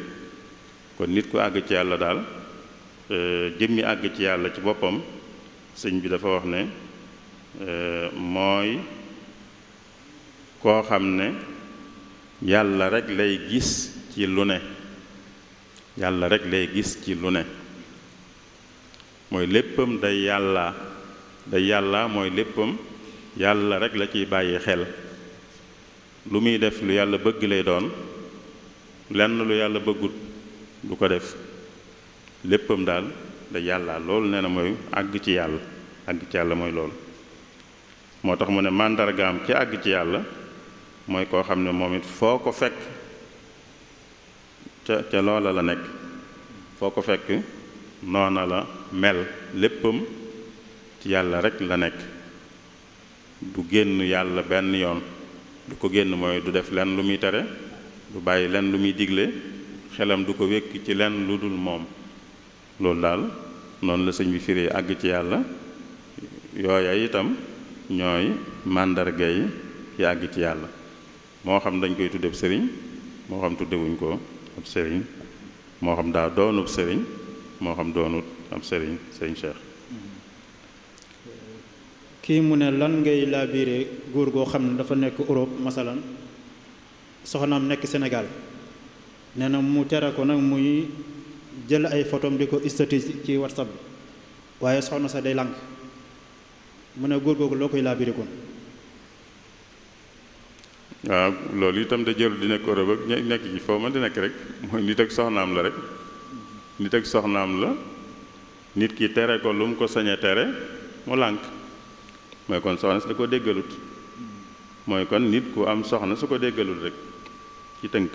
kon nit ku àgg ci yàlla daal euh, jëmmi àgg ci yàlla ci boppam sëñ bi dafa wax ne euh, mooy koo xam ne yàlla rek lay gis ci lu ne yàlla rek lay gis ci lu ne mooy léppam day yàlla day yàlla mooy léppam yàlla rek la ci bàyyi xel lu muy def lu yàlla bëgg lay doon lenn lu yàlla bëggut du ko def léppam daal da yàlla loolu nee na mooy àgg ci yàlla àgg ci yàlla mooy loolu moo tax mu ne màndargaam ci àgg ci yàlla mooy koo xam ne moom it foo ko fekk ca ca loola la nekk foo ko fekk noona la mel léppam ci yàlla rek la nekk du génn yàlla benn yoon du ko génn mooy du def leen lu muy tere du bàyyi leen lu muy digle xelam du ko wékk ci lenn lu dul moom loolu daal noonu la sëñ bi firee àgg ci yàlla yooya itam ñooy màndarga yi àgg ci yàlla moo xam dañ koy tuddeb sëriñ moo xam tuddewuñ ko ab sëriñ moo xam daa doonub sëriñ moo xam doonut ab sëriñ sëriñ Cheikh. kii mu ne lan ngay laabiré góor goo xam ne dafa nekk Europe masalan soxnaam nekk Sénégal nee na mu tere ko nag muy jël ay photom di ko statistique ci WhatsApp bi waaye soxna sa day lànk mu ne góor googu loo koy laabiré kon waaw loolu itam da jël di nekk Europe nekk ci foo man di nekk rek mooy nit ak soxnaam la rek nit ak soxnaam la nit ki tere ko lu mu ko sañee tere mu lànk mooy kon soxna si da ko déggalut mooy kon nit ku am soxna su ko déggalut rek ci tënk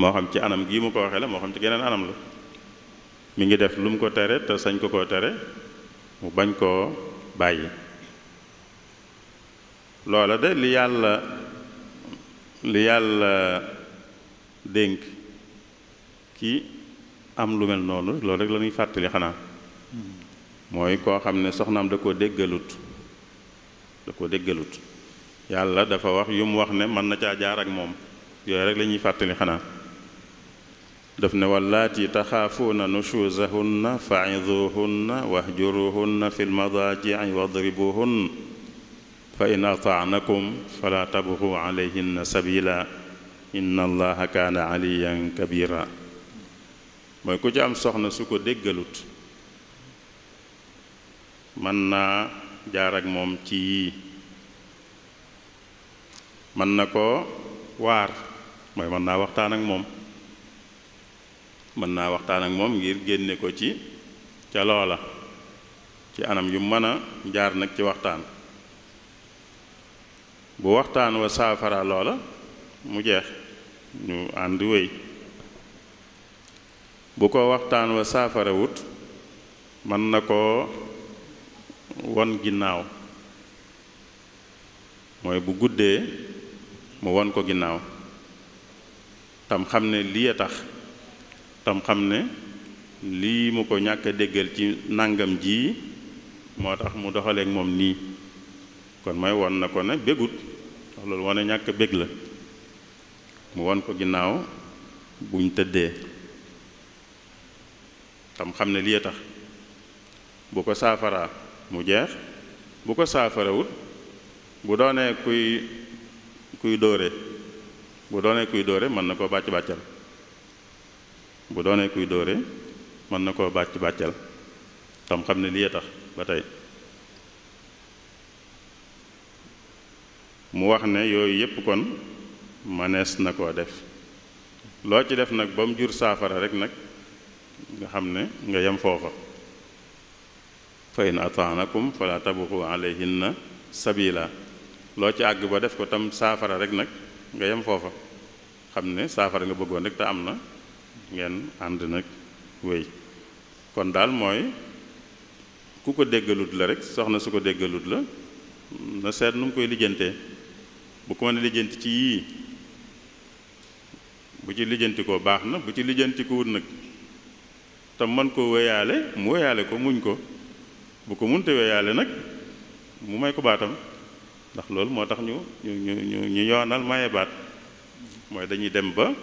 moo xam ci anam gii mu ko waxee la moo xam ci geneen anam la mu ngi def lu mu ko tere te sañ ko koo tere mu bañ koo bàyyi loola de li yàlla li yàlla dénk ki am lu mel noonu loolu rek la ñuy fàttali xanaa mooy koo xam ne soxnaam da koo déggalut da koo déggalut yàlla dafa wax yu mu wax ne mën na caa jaar ak moom yooyu rek la fàttali xanaa daf ne wallaati taxaafuuna nushuzahunna fa'iduhunna wahjuruhunna fil madaaji'i wadribuhunna fa in ataanakum fala tabxu alayhinna sabila inna allaha kaana aliyan kabira mooy ku ci am soxna su ko déggalut mën naa jaar ak moom ci yii mën na ko waar mooy mën naa waxtaan ak moom mën naa waxtaan ak moom ngir génne ko ci ca loola ci anam yu mën a jaar nag ci waxtaan bu waxtaan wa saafara loola mu jeex ñu ànd wéy bu ko waxtaan wa saafara wut mën na ko won ginnaaw mooy bu guddee mu won ko ginnaaw tam xam ne lii a tax tam xam ne lii mu ko ñàkk déggal ci nangam ji moo tax mu doxaleek moom nii kon mooy won na ko ne bégut ndax loolu wane ñàkk bég la mu won ko ginnaaw buñ tëddee tam xam ne lii tax bu ko saafaraa mu jeex bu ko saafarawut bu doonee kuy kuy dóore bu doonee kuy dóore mën na koo bàcc bàccal bu doonee kuy dóore mën na koo bàcc bàccal tam xam ne lii tax ba tey mu wax ne yooyu yépp kon mënees na koo def loo ci def nag ba jur saafara rek nag nga xam ne nga yem foofa fa in ataanakum fala tabuxu alayhinna sabila loo ci àgg ba def ko tam saafara rek nag nga yem foofa xam ne saafara nga bëggoon rek te am na ngeen ànd nag wéy kon daal mooy ku ko déggalut la rek soxna su ko déggalut la na seet nu mu koy lijjantee bu ko mën lijjanti ci yii bu ci lijjantikoo baax na bu ci lijjantiku wut nag te mën koo wéyaale mu wéyaale ko muñ ko bu ko munte wéyaale nag mu may ko baatam ndax loolu moo tax ñu ñu ñu ñu yoonal maye baat mooy dañuy dem ba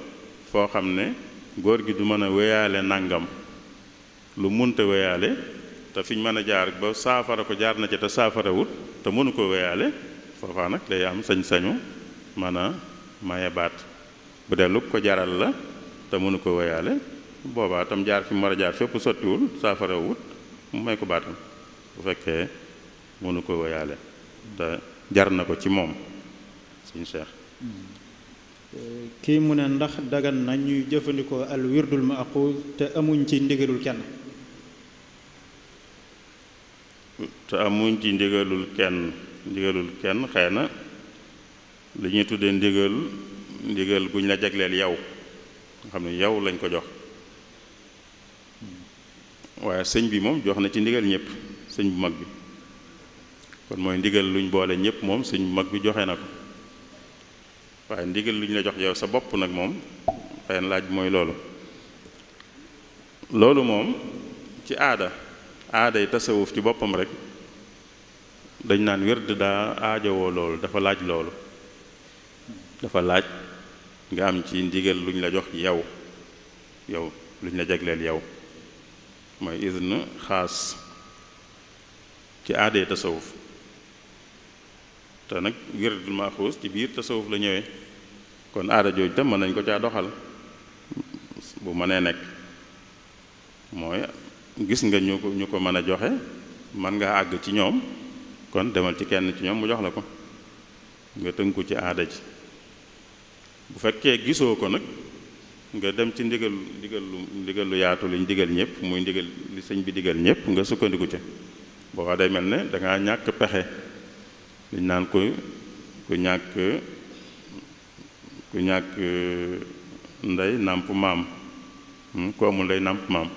foo xam ne góor gi du mën a wéyaale nangam lu munte wéyaale te fi ñu mën a jaar ba saafara ko jaar na ci te saafarawut te mënu koo wéyaale foofaa nag day am sañ-sañu mën a maye baat bu dee lu ko jaral la te mënu ko woyaale boobaa tam jaar fi mu war a jaar fépp sottiwul saafara wut mu may ko baatam bu fekkee mënu ko woyaale te jar na ko ci moom suñu seex kii mu ne ndax dagan na ñuy jëfandikoo al wirdul maaxuus te amuñ ci ndigalul kenn te amuñ ci ndigalul kenn ndigalul kenn xëy na li ñuy tuddee ndigal ndigal guñ la jegleel yow nga xam ne yow lañ ko jox waaye sëñ bi moom jox na ci ndigal ñëpp sëñ bu mag bi kon mooy ndigal luñ boole ñëpp moom sëñ bu mag bi joxe na ko waaye ndigal luñ la jox yow sa bopp nag moom xëy na laaj mooy loolu loolu moom ci aada aada yi tasawuf ci boppam rek dañ naan wird daa aajowoo loolu dafa laaj loolu dafa laaj nga am ci ndigal luñ la jox yow yow luñ la jagleel yow mooy izn xaas ci aadee tasawuf te nag wirdul maaxuus ci biir tasawuf la ñëwee kon aada jooju mën nañ ko caa doxal bu mënee nekk mooy gis nga ñu ko ñu ko mën a joxe mën ngaa àgg ci ñoom kon demal ci kenn ci ñoom mu jox la ko nga ko ci aada ji bu fekkee gisoo ko nag nga dem ci ndigal ndigal lu ndigal lu yaatu liñ digal ñëpp muy ndigal li sëñ bi digal ñëpp nga sukkandiku ci boobaa day mel ne dangaa ñàkk pexe liñ naan ko ku ñàkk ku ñàkk uh, ndey nàmp maam hmm? ku amul ndey nàmp maam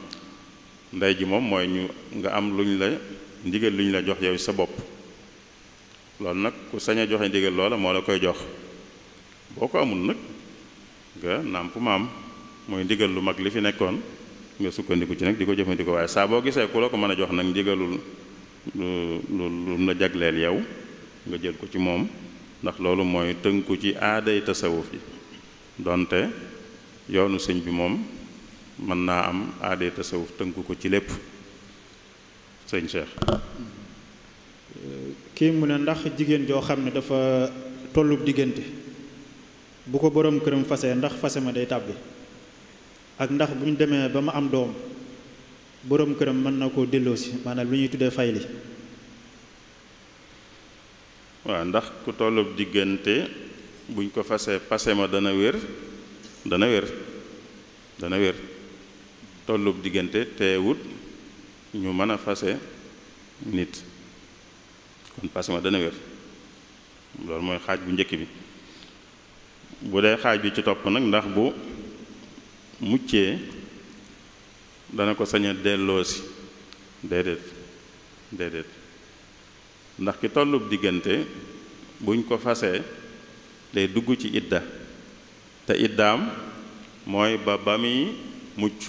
ndey ji moom mooy ñu nga am lu ñu la ndigal ñu la jox yow sa bopp loolu nag ku sañ a joxe ndigal loola moo la koy jox boo ko amul nag nga nàmp maam mooy ndigal lu mag li fi nekkoon nga sukkandiku ci nag di ko jëfandikoo waaye saa boo gisee ku la ko mën a jox nag ndigalul lu lu la jagleel yow nga jël ko ci moom ndax loolu mooy tënku ci aaday tasawuf yi donte yoonu sëñ bi moom mën naa am aaday tasawuf tënku ko ci lépp sëñ Cheikh kii mu ne ndax jigéen joo xam ne dafa tollub diggante bu ko boroom këram fase ndax fase ma day tàbbi ak ndax bu ñu demee ba ma am doom boroom këram mën na koo delloosi maanaam lu ñuy tuddee fay li waaw ndax ku tollub diggante buñ ko fase pase ma dana wér dana wér dana wér tollub diggante teewut ñu mën a fase nit kon passé ma dana wér loolu mooy xaaj bu njëkk bi bu dee xaaj bi ci topp nag ndax bu muccee dana ko sañ delloosi déedéet déedéet ndax ki tollub diggante buñ ko fasee day dugg ci idda te iddaam mooy ba ba muy mucc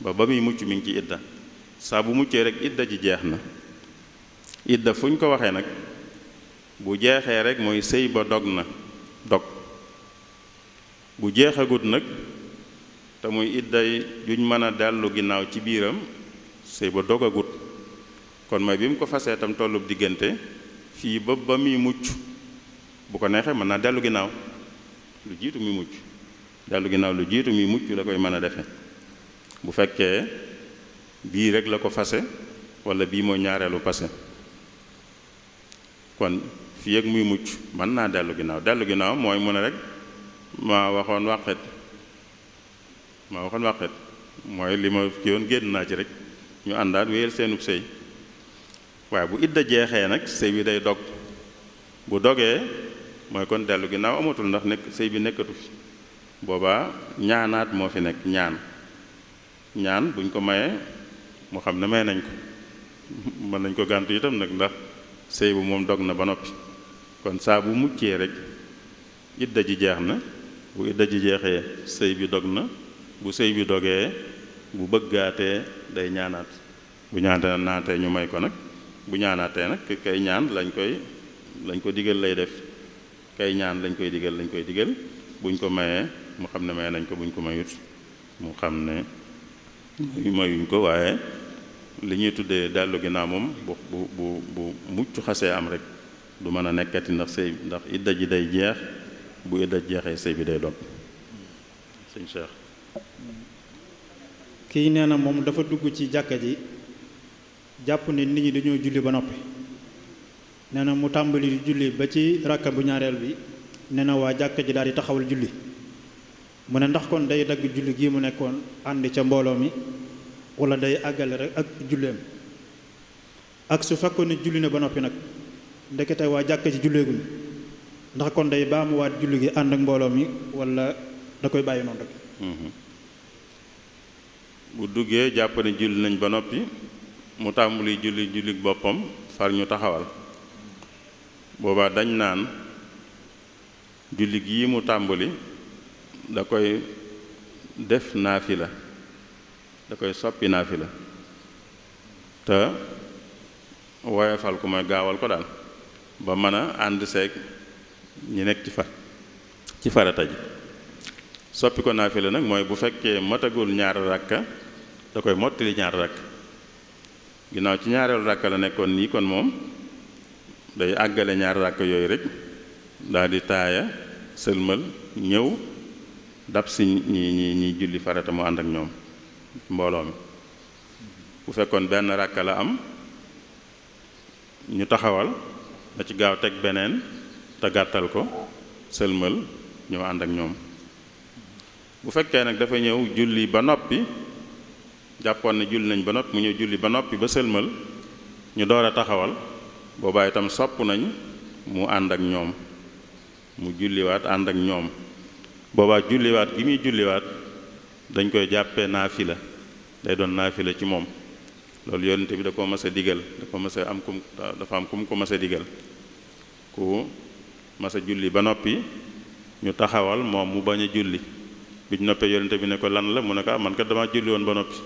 ba ba muy mucc mi ngi ci idda saa bu muccee rek idda ji jeex na idda fu ñu ko waxee nag bu jeexee rek mooy sëy ba dog na dog bu jeex gut nag te muy idday juñ mën a dellu ginnaaw ci biiram sëy ba dogagut kon mooy bi mu ko fasee tollu tollub diggante fii ba ba muy mucc bu ko neexee mën naa dellu ginnaaw lu jiitu mu mucc dellu ginnaaw lu jiitu muy mucc la koy mën a defe bu fekkee bii rek la ko fase walla bii mooy ñaareelu passé kon fii ak muy mucc mën naa dellu ginnaaw dellu ginnaaw mooy mu ne rek ma waxoon wàqet ma waxoon wàqet mooy li ma ci woon génn naa ci rek ñu àndaat wéyal seenub sëy waaye bu idda jeexee nag sëy bi day dog bu dogee mooy kon dellu ginnaaw amatul ndax nekk sëy bi nekkatu fi boobaa ñaanaat moo fi nekk ñaan ñaan buñ ko mayee mu xam ne may nañ ko *laughs* mën nañ ko gàntu itam nag ndax sëy bu moom dog na ba noppi kon saa bu muccee rek it ji jeex na bu idda ji jeexee sëy bi dog na bu sëy bi dogee bu bëggaatee day ñaanaat bu ñaanaatee naatee ñu may ko nag bu ñaanaatee nag kay ñaan lañ koy lañ ko digal lay def kay ñaan lañ koy digal lañ koy digal buñ ko mayee mu xam ne may nañ ko buñ ko mayut mu xam ne mayuñ ko waaye li ñuy tuddee dellu ginnaaw moom bu bu bu bu mucc xasee am rek du mën a nekkati ndax sëy ndax idda ji day jeex bu idda jeexee sëy bi day dog sëñ Cheikh kii nee na moom dafa dugg ci jàkka ji jàpp ni nit ñi dañoo julli ba noppi nee na mu tàmbali di julli ba ci rakka bu ñaareel bi nee na waa jàkka ji daal di taxawal julli mu ne ndax kon day dagg julli gii mu nekkoon ànd ca mbooloo mi wala day àggale rek ak julleem ak su fekkoon ne julli na ba noppi nag ndekete waa jàkk ci julleeguñ ndax kon day baamuwaat julli gi ànd ak mbooloo mi wala da koy bàyyi noonu rek. Mhm. bu duggee jàpp julli nañ ba noppi mu tàmbali julli jullig boppam far ñu taxawal boobaa dañ naan julli gii mu tàmbali da koy def la da koy soppi naafila te woyofal ko mooy gaawal ko daal ba mën a ànd seeg ñi nekk ci fa ci farata ji soppi ko naafila nag mooy bu fekkee matagul ñaar rakka da koy mottali ñaar rakk ginnaaw ci ñaareelu rakk la nekkoon nii kon moom day àggale ñaar rakk yooyu rek daal di taaya sëlmal ñëw dab si ñi ñi ñi julli farata mu ànd ak ñoom mbooloo mi bu fekkoon benn ràkka la am ñu taxawal na ci gaaw teg beneen te gàttal ko sëlmal ñëw ànd ak ñoom bu fekkee nag dafa ñëw julli ba noppi jàppoon na julli nañ ba noppi mu ñëw julli ba noppi ba sëlmal ñu door a taxawal boobaa itam sopp nañ mu ànd ak ñoom mu julliwaat ànd ak ñoom boobaa julliwaat gi muy julliwaat dañ koy jàppee la day doon la ci moom loolu yonent bi da koo mas a digal da ko am kum dafa am kum ko mas a digal ku mas julli ba noppi ñu taxawal moom mu bañ a julli bi ñu noppee yonent bi ne ko lan la mu ne ko ah, man kat dama julli woon ba noppi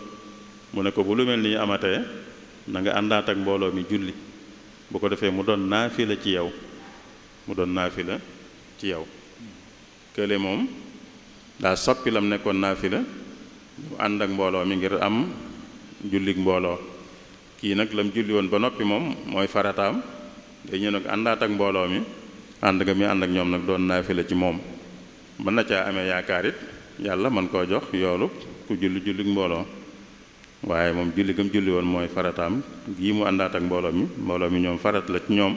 mu ne ko bu lu mel ni amatee na nga àndaat ak mbooloo mi julli bu ko defee mu doon la ci yow mu doon la ci yow kële moom daa soppi lam nekkoon la bu ànd ak mbooloo mi ngir am jullik mbooloo kii nag lam julli woon ba noppi moom mooy farataam day ñëw nag àndaat mbooloo mi ànd ga mi ñoom nag doon naafila ci moom mën na caa amee yaakaar it yàlla mën koo jox yoolu ku julli jullik mbooloo waaye moom julli gam woon mooy farataam gii mu àndaat ak mbooloo mi mbooloo mi ñoom farat la ci ñoom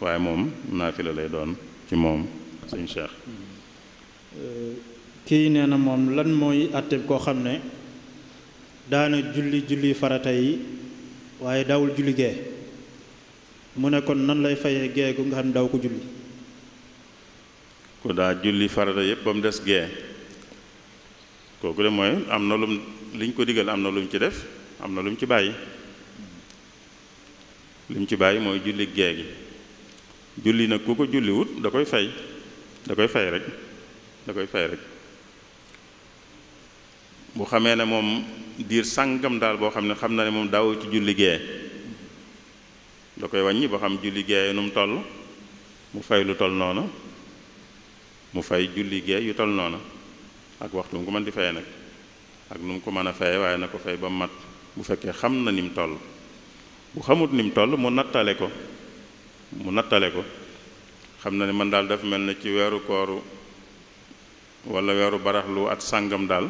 waaye moom naafila lay doon ci moom sëñ Cheikh mm-hmm. kii nee na moom lan mooy àtte koo xam ne daana julli julli farata yi waaye daawul julli gee mu ne kon nan lay fayee gee gu nga xam ne daw ko julli ku daa julli farata yépp ba mu des gee kooku de mooy am na lum liñ ko digal am na lum ci def am na lum ci bàyyi lim ci bàyyi mooy julli gee gi julli nag ku ko julliwut da koy fay da koy fay rek da koy fay rek bu xamee ne moom diir sàngam daal boo xam ne xam na ne moom daaw ci julli gee da koy wàññi ba xam julli gee nu mu toll mu fay lu toll noonu mu fay julli gee yu toll noonu ak waxtu mu ko mën di fay nag ak nu mu ko mën a fay waaye na ko fay ba mat bu fekkee xam na ni toll bu xamut ni toll mu nattale ko mu nattale ko xam na ne man daal dafa mel na ci weeru kooru wala weeru baraxlu at sàngam daal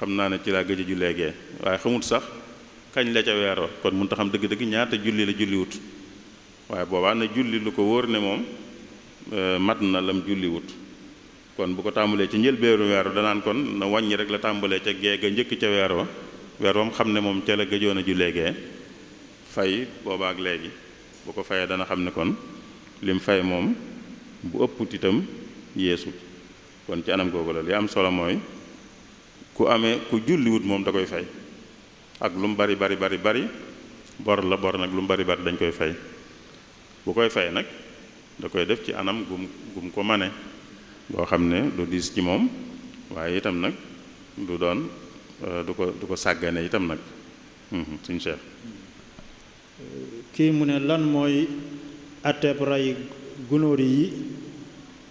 xam naa ne ci laa gëj ju léegee gee waaye xamut sax kañ la ca weer wa kon mun ta dëgg-dëgg ñaata julli la wut waaye boobaa na julli lu ko wóor ne moom euh, mat na lam julliwut kon bu ko tàmbalee ci njëlbéeru weer danaan kon na wàññi rek la tàmbalee ca gee njëkk ca weer wa weer xam ne moom ca la gëjoon a jullee gee fay boobaak léegi bu ko fayee dana xam ne kon lim fay moom bu ëpp itam yéesu kon ci anam googu la li am solo mooy ku amee ku julliwut moom da koy fay ak lu mu bari bari bari bari bor la bor nag lu mu bari bari dañ koy fay bu koy fay nag da koy def ci anam gum gum ko mane boo xam ne du diis ci moom waaye itam nag du doon euh, du ko du ko sàggane itam nag mhm, suñ Cheikh kii mu ne lan mooy atteeb rey gunóor yi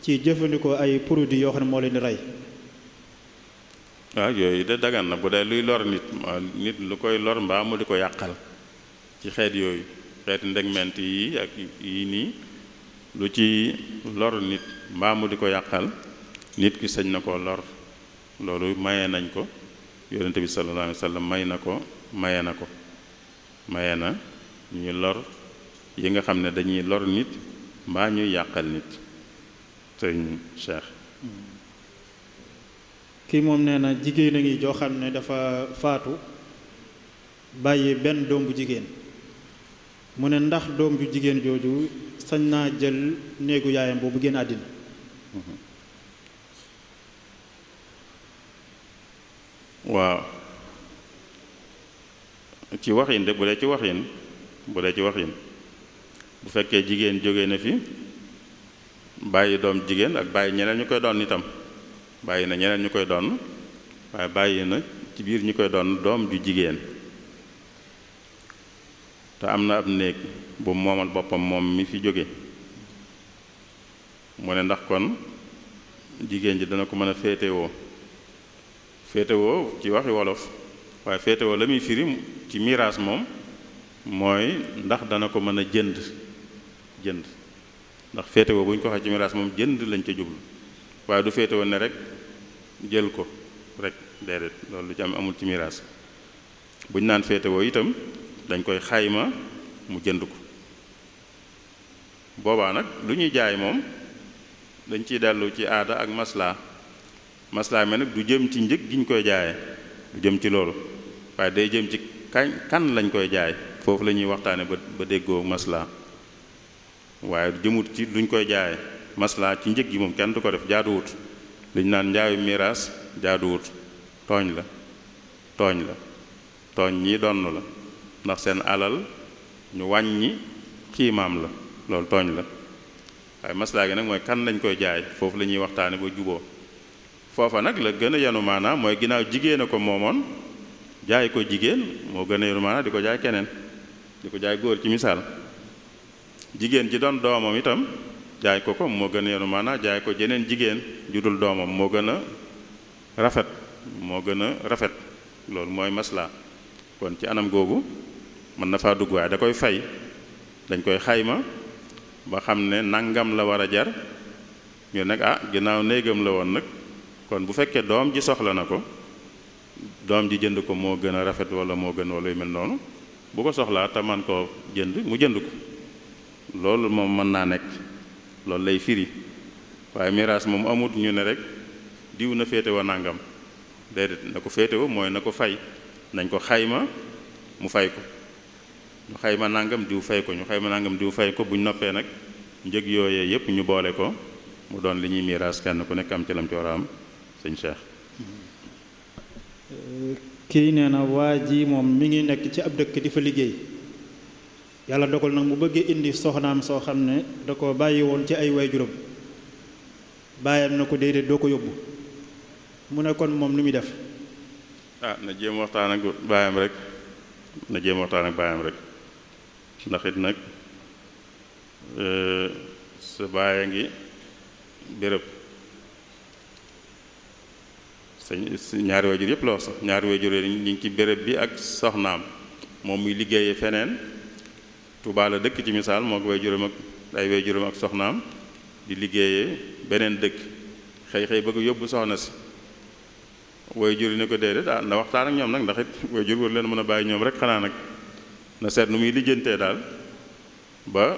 ci jëfandikoo ay produits yoo xam ne moo leen rey waaw yooyu de dagan na bu dee luy lor nit nit lu koy lor mbaa mu di ko yàqal ci xeet yooyu xeeti ndegment yi ak yi nii lu ci lor nit mbaa mu di ko yàqal nit ki sañ na ko lor loolu maye nañ ko yonente bi sallallahu wa sallam may na ko maye na ko maye na ñuy lor yi nga xam ne dañuy lor nit mbaa ñuy yàqal nit sëñ Cheikh kii moom nee na jigéen a ngi joo xam ne dafa faatu bàyyi benn doom bu jigéen mu ne ndax doom ju jigéen jooju sañ naa jël néegu yaayam boobu génn àddina waaw ci waxin de bu dee ci waxin bu dee ci waxin bu fekkee jigéen jóge na fi bàyyi doom jigéen ak bàyyi ñeneen ñu koy doon itam bàyyi na ñeneen ñu koy doon waaye bàyyi na ci biir ñi koy doon doom ju jigéen te am na ab néeg bu moomal boppam moom mi fi jóge mu ne ndax kon jigéen ji dana ko mën a féetewoo féetewoo ci waxi wolof waaye féetewoo la muy firi ci miraas moom mooy ndax dana ko mën a jënd jënd ndax féetewoo bu ñu ko waxee ci miraas moom jënd lañ ca jublu waaye du féete woon ne rek jël ko rek déedéet loolu lu amul ci miraas bu ñu naan féetewoo itam dañ koy xayma mu jënd ko boobaa nag lu ñuy jaay moom dañ ciy dellu ci aada ak maslaa maslaa mel nag du jëm ci njëg gi ñu koy jaayee du jëm ci loolu waaye day jëm ci kañ kan lañ koy jaay foofu la ñuy waxtaane ba ba déggoo maslaa waaye jëmut ci luñ koy jaayee maslaa ci njëg gi moom kenn du ko def jaaduwut liñ naan njaayu miraas jaaduwut tooñ la tooñ la tooñ ñi donn la ndax seen alal ñu wàññi xiimaam la loolu tooñ la waaye maslaa gi nag mooy kan lañ koy jaay foofu la ñuy waxtaane ba juboo foofa nag la gën a yanu maanaa mooy ginnaaw jigéen ko moomoon jaay ko jigéen moo gën a yanu maanaam di ko jaay keneen di ko jaay góor ci misaal jigéen ji doon doomam itam jaay ko ko moo gën yenu maanaa jaay ko jeneen jigéen ju dul doomam moo gën a rafet moo gën a rafet loolu mooy maslaa kon ci anam googu mën na faa dugg waaye da koy fay dañ koy xayma ba xam ne nangam la war a jar ñu nag ah ginnaaw néegam la woon nag kon bu fekkee doom ji soxla na ko doom ji jënd ko moo gën a rafet wala moo gën wala mel noonu bu ko soxlaa te man koo jënd mu jënd ko loolu moom mën naa nekk loolu lay firi waaye miraas moom amut ñu ne rek diw na féete wa nàngam déedéet na ko féete mooy na ko fay nañ ko xayma mu fay ko ñu xayma nàngam diw fay ko ñu xayma nàngam diw fay ko bu ñu noppee nag njëg yooye yépp ñu boole ko mu doon li ñuy miraas kenn ku nekk am ci lam ci war a am sëñ Cheikh kii nee na waa ji moom mi ngi nekk ci ab dëkk di fa liggéey yàlla dogal nag mu bëggee indi soxnaam soo xam ne da ko bàyyi woon ci ay waajuram bàyyam na ko déedéet doo ko yóbbu mu nekkoon moom lu muy def ah na jéem waxtaan ak baayam rek na jéem waxtaan ak baayam rek ndax it nag e, sa baay a ngi béréb ñaari waajur yëpp la wax sax ñaari waajur yi ñu ngi ci béréb bi ak soxnaam moom muy liggéeyee feneen Touba dëkk ci misaal moo ko way juróom ak ay way ak soxnaam di liggéeyee beneen dëkk xëy xëy bëgg yóbbu soxna si way jur ne ko déedéet ah na waxtaan ak ñoom nag ndax it way jur leen mën a bàyyi ñoom rek xanaa nag na seet nu muy lijjantee daal ba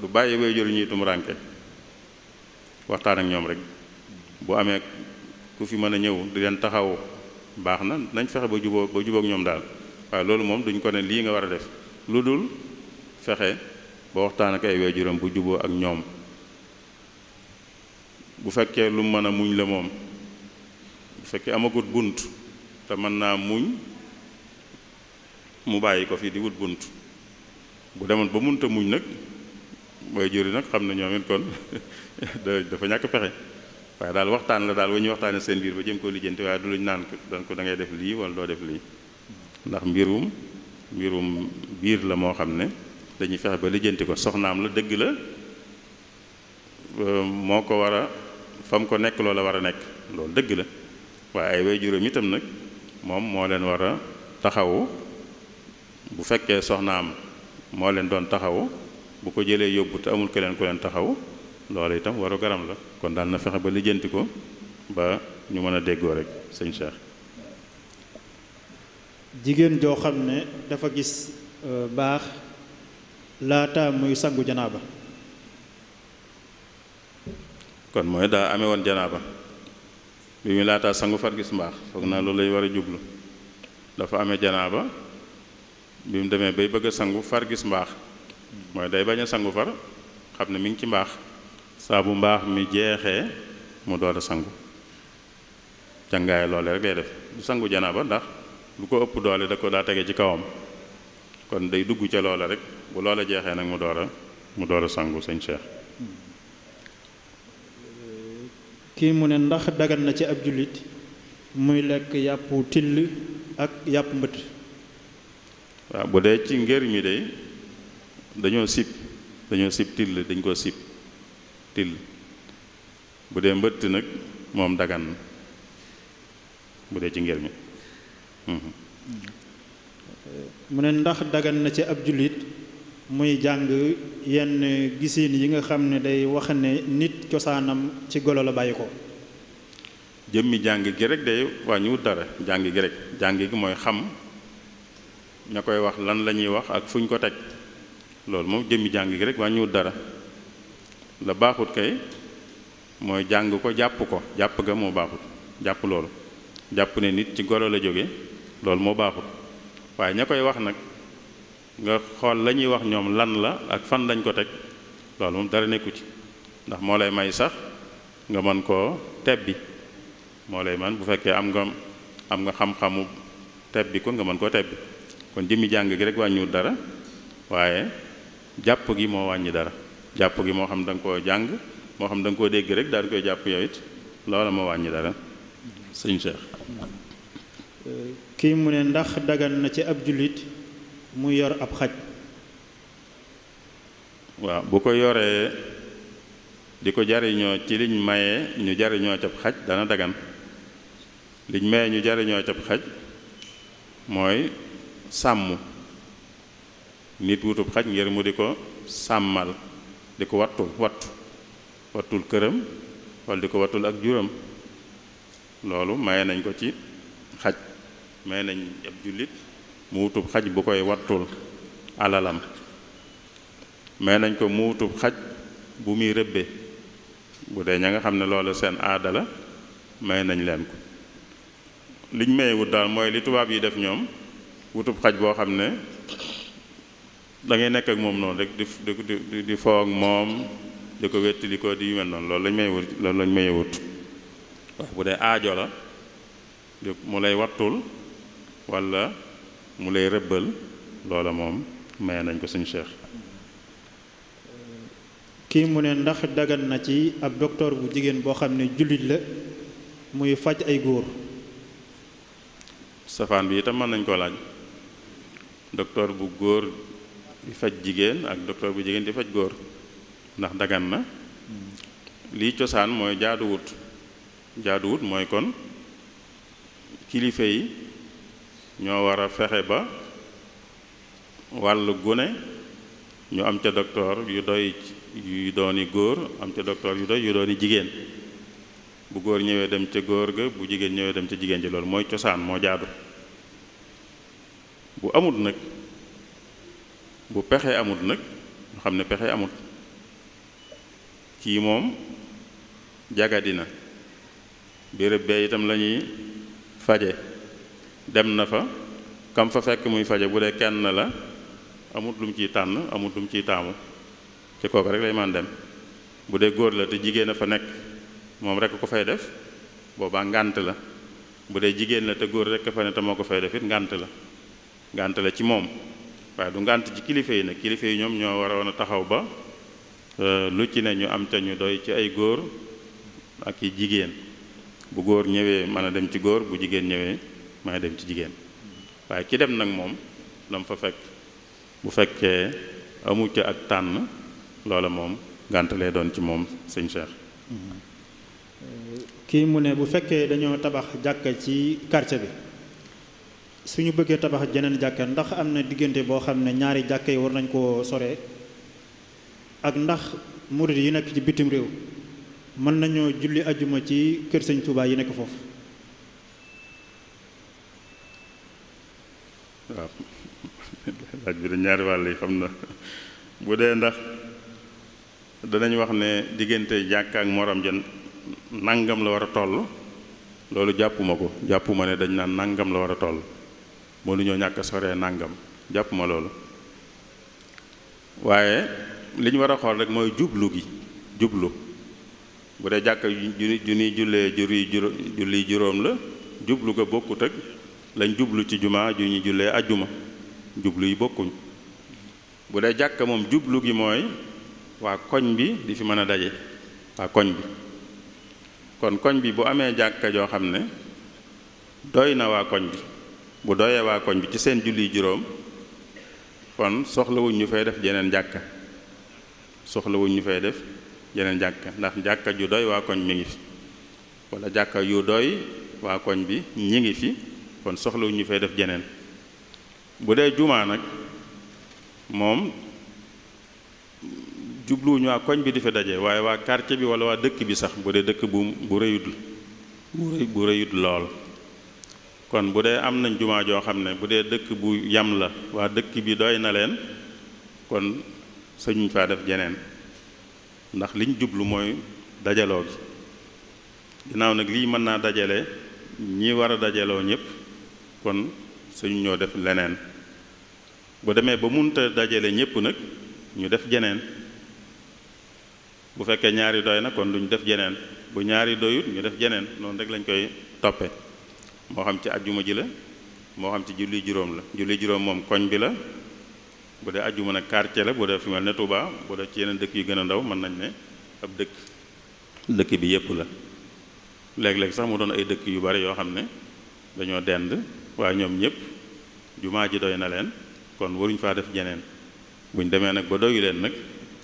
du bàyyi way jur ñuy tumurànke waxtaan ak ñoom rek bu amee ku fi mën a ñëw di leen taxaw baax na nañ fexe ba juboo ba jubóog ñoom daal waaye loolu moom duñ ko ne lii nga war a def lu dul fexe ba waxtaan ak ay waajuram bu juboo ak ñoom bu fekkee lu mën a muñ la moom bu fekkee amagut bunt te mën naa muñ mu bàyyi ko fii di wut bunt bu demoon ba munta muñ nag waajur yi nag xam ne ñoom it kon *laughs* dafa ñàkk pexe waaye daal waxtaan la daal wa ñuy waxtaanee seen biir ba jëm koo lijjanti waaye du luñ naan ko dangay def lii wala doo def lii ndax mbirum mbirum biir la moo xam ne dañuy fexe ba lijjanti ko soxnaam la dëgg la euh, moo ko war a fam ko nekk loola war a nekk loolu dëgg la waaye ay waajuram itam nag moom moo leen war a taxawu bu fekkee soxnaam moo leen doon taxawu bu ko jëlee yóbbu te amul keneen ku leen taxawu loolu itam waru garam la kon daal na fexe ba lijjanti ko ba ñu mën a déggoo rek sëñ Cheikh. jigéen joo xam ne dafa gis euh, baax laata muy sangu ba kon mooy daa amee woon janaaba bi muy laataa sangu far gis mbaax foog naa loolu lay war a jublu dafa ame janaa ba mu demee bay bëgg sangu far gis mbaax mooy day bañ a sangu far xam ne mi ngi ci mbaax saa bu mbaax mi jeexee mu door a sangu jàngaay loole rek lay def bu sangu janaa ba ndax bu ko ëpp doole da ko daa tege ci kawam kon day dugg ca loola rekk bu loola jeexee nag mu doora mu door a sangu sëñ Cheikh. kii mu ne ndax dagan na ci ab jullit muy lekk yàpp till ak yàpp mbët. waaw bu dee ci ngër mi de dañoo sib dañoo sib till dañ koo sib till bu dee mbëtt nag moom dagan na bu dee ci ngër mi. mu ne ndax dagan na ci ab jullit muy jàng yenn gisiin yi nga xam ne day wax ne nit cosaanam ci golo la bàyyi ko jëmmi jàng gi rek day waa wàññiwut dara jàng gi rek jàng gi mooy xam ña koy wax lan la ñuy wax ak fuñ ko teg loolu moom jëmmi jàng gi rek waa wàññiwut dara la baaxut kay mooy jàng ko jàpp ko jàpp ga moo baaxut jàpp loolu jàpp ne nit ci golo la jóge loolu moo baaxut waaye ña koy wax nag nga xool la ñuy wax ñoom lan la ak fan lañ ko teg loolu moom dara nekku ci ndax moo lay may sax nga man koo tebbi moo lay man bu fekkee am nga am nga xam-xamu tebbi ko nga mën koo tebbi kon jëmmi jàng gi rek wàññiwul dara waaye jàpp gi moo wàññi dara jàpp gi moo xam da nga koo jàng moo xam da koo dégg rek daal di koy jàpp yow it loola moo wàññi dara sëñ Cheikh euh, kii mu ne ndax dagan na ci ab jullit mu yor ab xaj waaw bu ko yoree di ko jariñoo ci liñ maye ñu jariñoo cab xaj dana dagan liñ mayee ñu jariñoo cab xaj mooy sàmm nit wutub xaj ngir mu di ko sàmmal di ko wattul wattu wattul këram walla di ko wattul ak juróom loolu maye nañ ko ci may nañ ab jullit mu wutub xaj bu koy wattul alalam may nañ ko mu wutub xaj bu muy rëbbe bu dee ña nga xam ne loolu seen aadala la may nañ leen ko liñ mayewut daal li tubaab yi def ñoom wutub xaj boo xam ne da nekk ak moom noonu rek di moom di ko wettali ko di yu mel noonu loolu lañ may wut loolu lañ mayewut waaw bu dee aajo la mu lay wattul walla mu lay rëbbal loola moom maye nañ ko suñu cheikh kii mu ne ndax dagan na ci ab docteur bu jigéen boo xam ne jullit la muy faj ay góor safaan bi itam mën nañ koo laaj docteur bu góor di faj jigéen ak docteur bu jigéen di faj góor ndax dagan na lii cosaan mooy jaaduwut jaaduwut mooy kon kilifa yi ñoo war fexe ba wàll gune ñu am ca doktoor yu doy yu dooni góor am ca docteur yu doy yu dooni jigéen bu góor ñëwee dem ca góor ga bu jigéen ñëwee dem ca jigéen ji loolu mooy cosaan moo jaadu bu amut nag bu pexe amut nag ñu xam ne pexe amut kii moom jagadina béréb bee itam lañuy faje dem na fa kam fa fekk muy faje bu dee kenn la amut lum mu ciy tànn amut lu ciy taamu ci kooku rek lay man dem bu dee góor la te jigéen a fa nekk moom rekk ko fay def boobaa ngànt la bu dee jigéen la te góor rek fa ne te moo ko fay def it ngànt la ngànt la ci moom waaye du ngànt ci kilifa yi nag kilifa yi ñoom ñoo war a a taxaw ba euh, lu ci ne ñu am te ñu doy ci ay góor ak i jigéen bu góor ñëwee mën a dem ci góor bu jigéen ñëwee maa dem ci jigéen waaye ki dem nag moom la fa fekk bu fekkee amu ca ak tànn loola moom gàntalee doon ci moom sëñ Cheikh. Euh, kii mu ne bu fekkee dañoo tabax jàkka ci quartier bi suñu bëggee tabax jeneen jàkkar ndax am na diggante boo xam ne ñaari jàkka yi war nañ koo sore ak ndax murid yi nekk ci bitim réew mën nañoo julli ajuma ci kër sëñ Touba yi nekk foofu. waaw laaj bi da ñaari wàll yi xam na bu dee ndax danañ wax ne diggante jàkka ak morom ja nangam la war a toll loolu jàppuma ko jàppuma ne dañ naan nangam la war a toll mënuñoo ñàkk a soree nangam jàppuma loolu waaye li ñu war a xool rek mooy jublu gi jublu bu dee jàkka ju ju ñuy jullee juri juróom la jublu ga bokkut ak lañ jublu ci jumaa ju ñu jullee juma jublu yi bokkuñ bu dee jàkka moom jublu gi mooy waa koñ bi di fi mën a daje waa koñ bi kon koñ bi bu amee jàkka joo xam ne doy na waa koñ bi bu doyee waa koñ bi ci seen julli juróom kon soxlawuñ ñu fay def jeneen jàkka soxlawuñ ñu fay def jeneen jàkka ndax jàkka ju doy waa koñ ngi fi wala jàkka yu doy waa bi ñu ngi fi kon soxlawu ñu fay def jeneen bu dee jumaa nag moom jubluwuñu waa koñ bi di fi daje waaye waa quartier bi wala waa dëkk bi sax bu dee dëkk bu bu rëyut bu rëyut lool kon bu dee am nañ jumaa joo xam ne bu dee dëkk bu yam la waa dëkk bi doy na leen kon sañuñ faa def jeneen ndax liñ jublu mooy dajaloo gi ginnaaw nag lii mën naa dajale ñi war a dajaloo ñëpp kon suñu ñoo def leneen bu demee ba munta dajale ñépp nag ñu def jeneen bu fekkee ñaari doy na kon duñ def jeneen bu ñaari doyut ñu def jeneen noonu rek lañ koy toppe moo xam ci ajjuma ji la moo xam ci julli juróom la julli juróom moom koñ bi la bu dee ajjuma nag quartier la bu dee fi mel ne Touba bu dee ci yeneen dëkk yu gën a ndaw mën nañ ne ab dëkk dëkk bi yépp la léeg-léeg sax mu doon ay dëkk yu bari yoo xam ne dañoo dend waaye ñoom ñëpp jumaa ji doy na leen kon waruñ faa def jeneen buñ demee nag ba doyu leen nag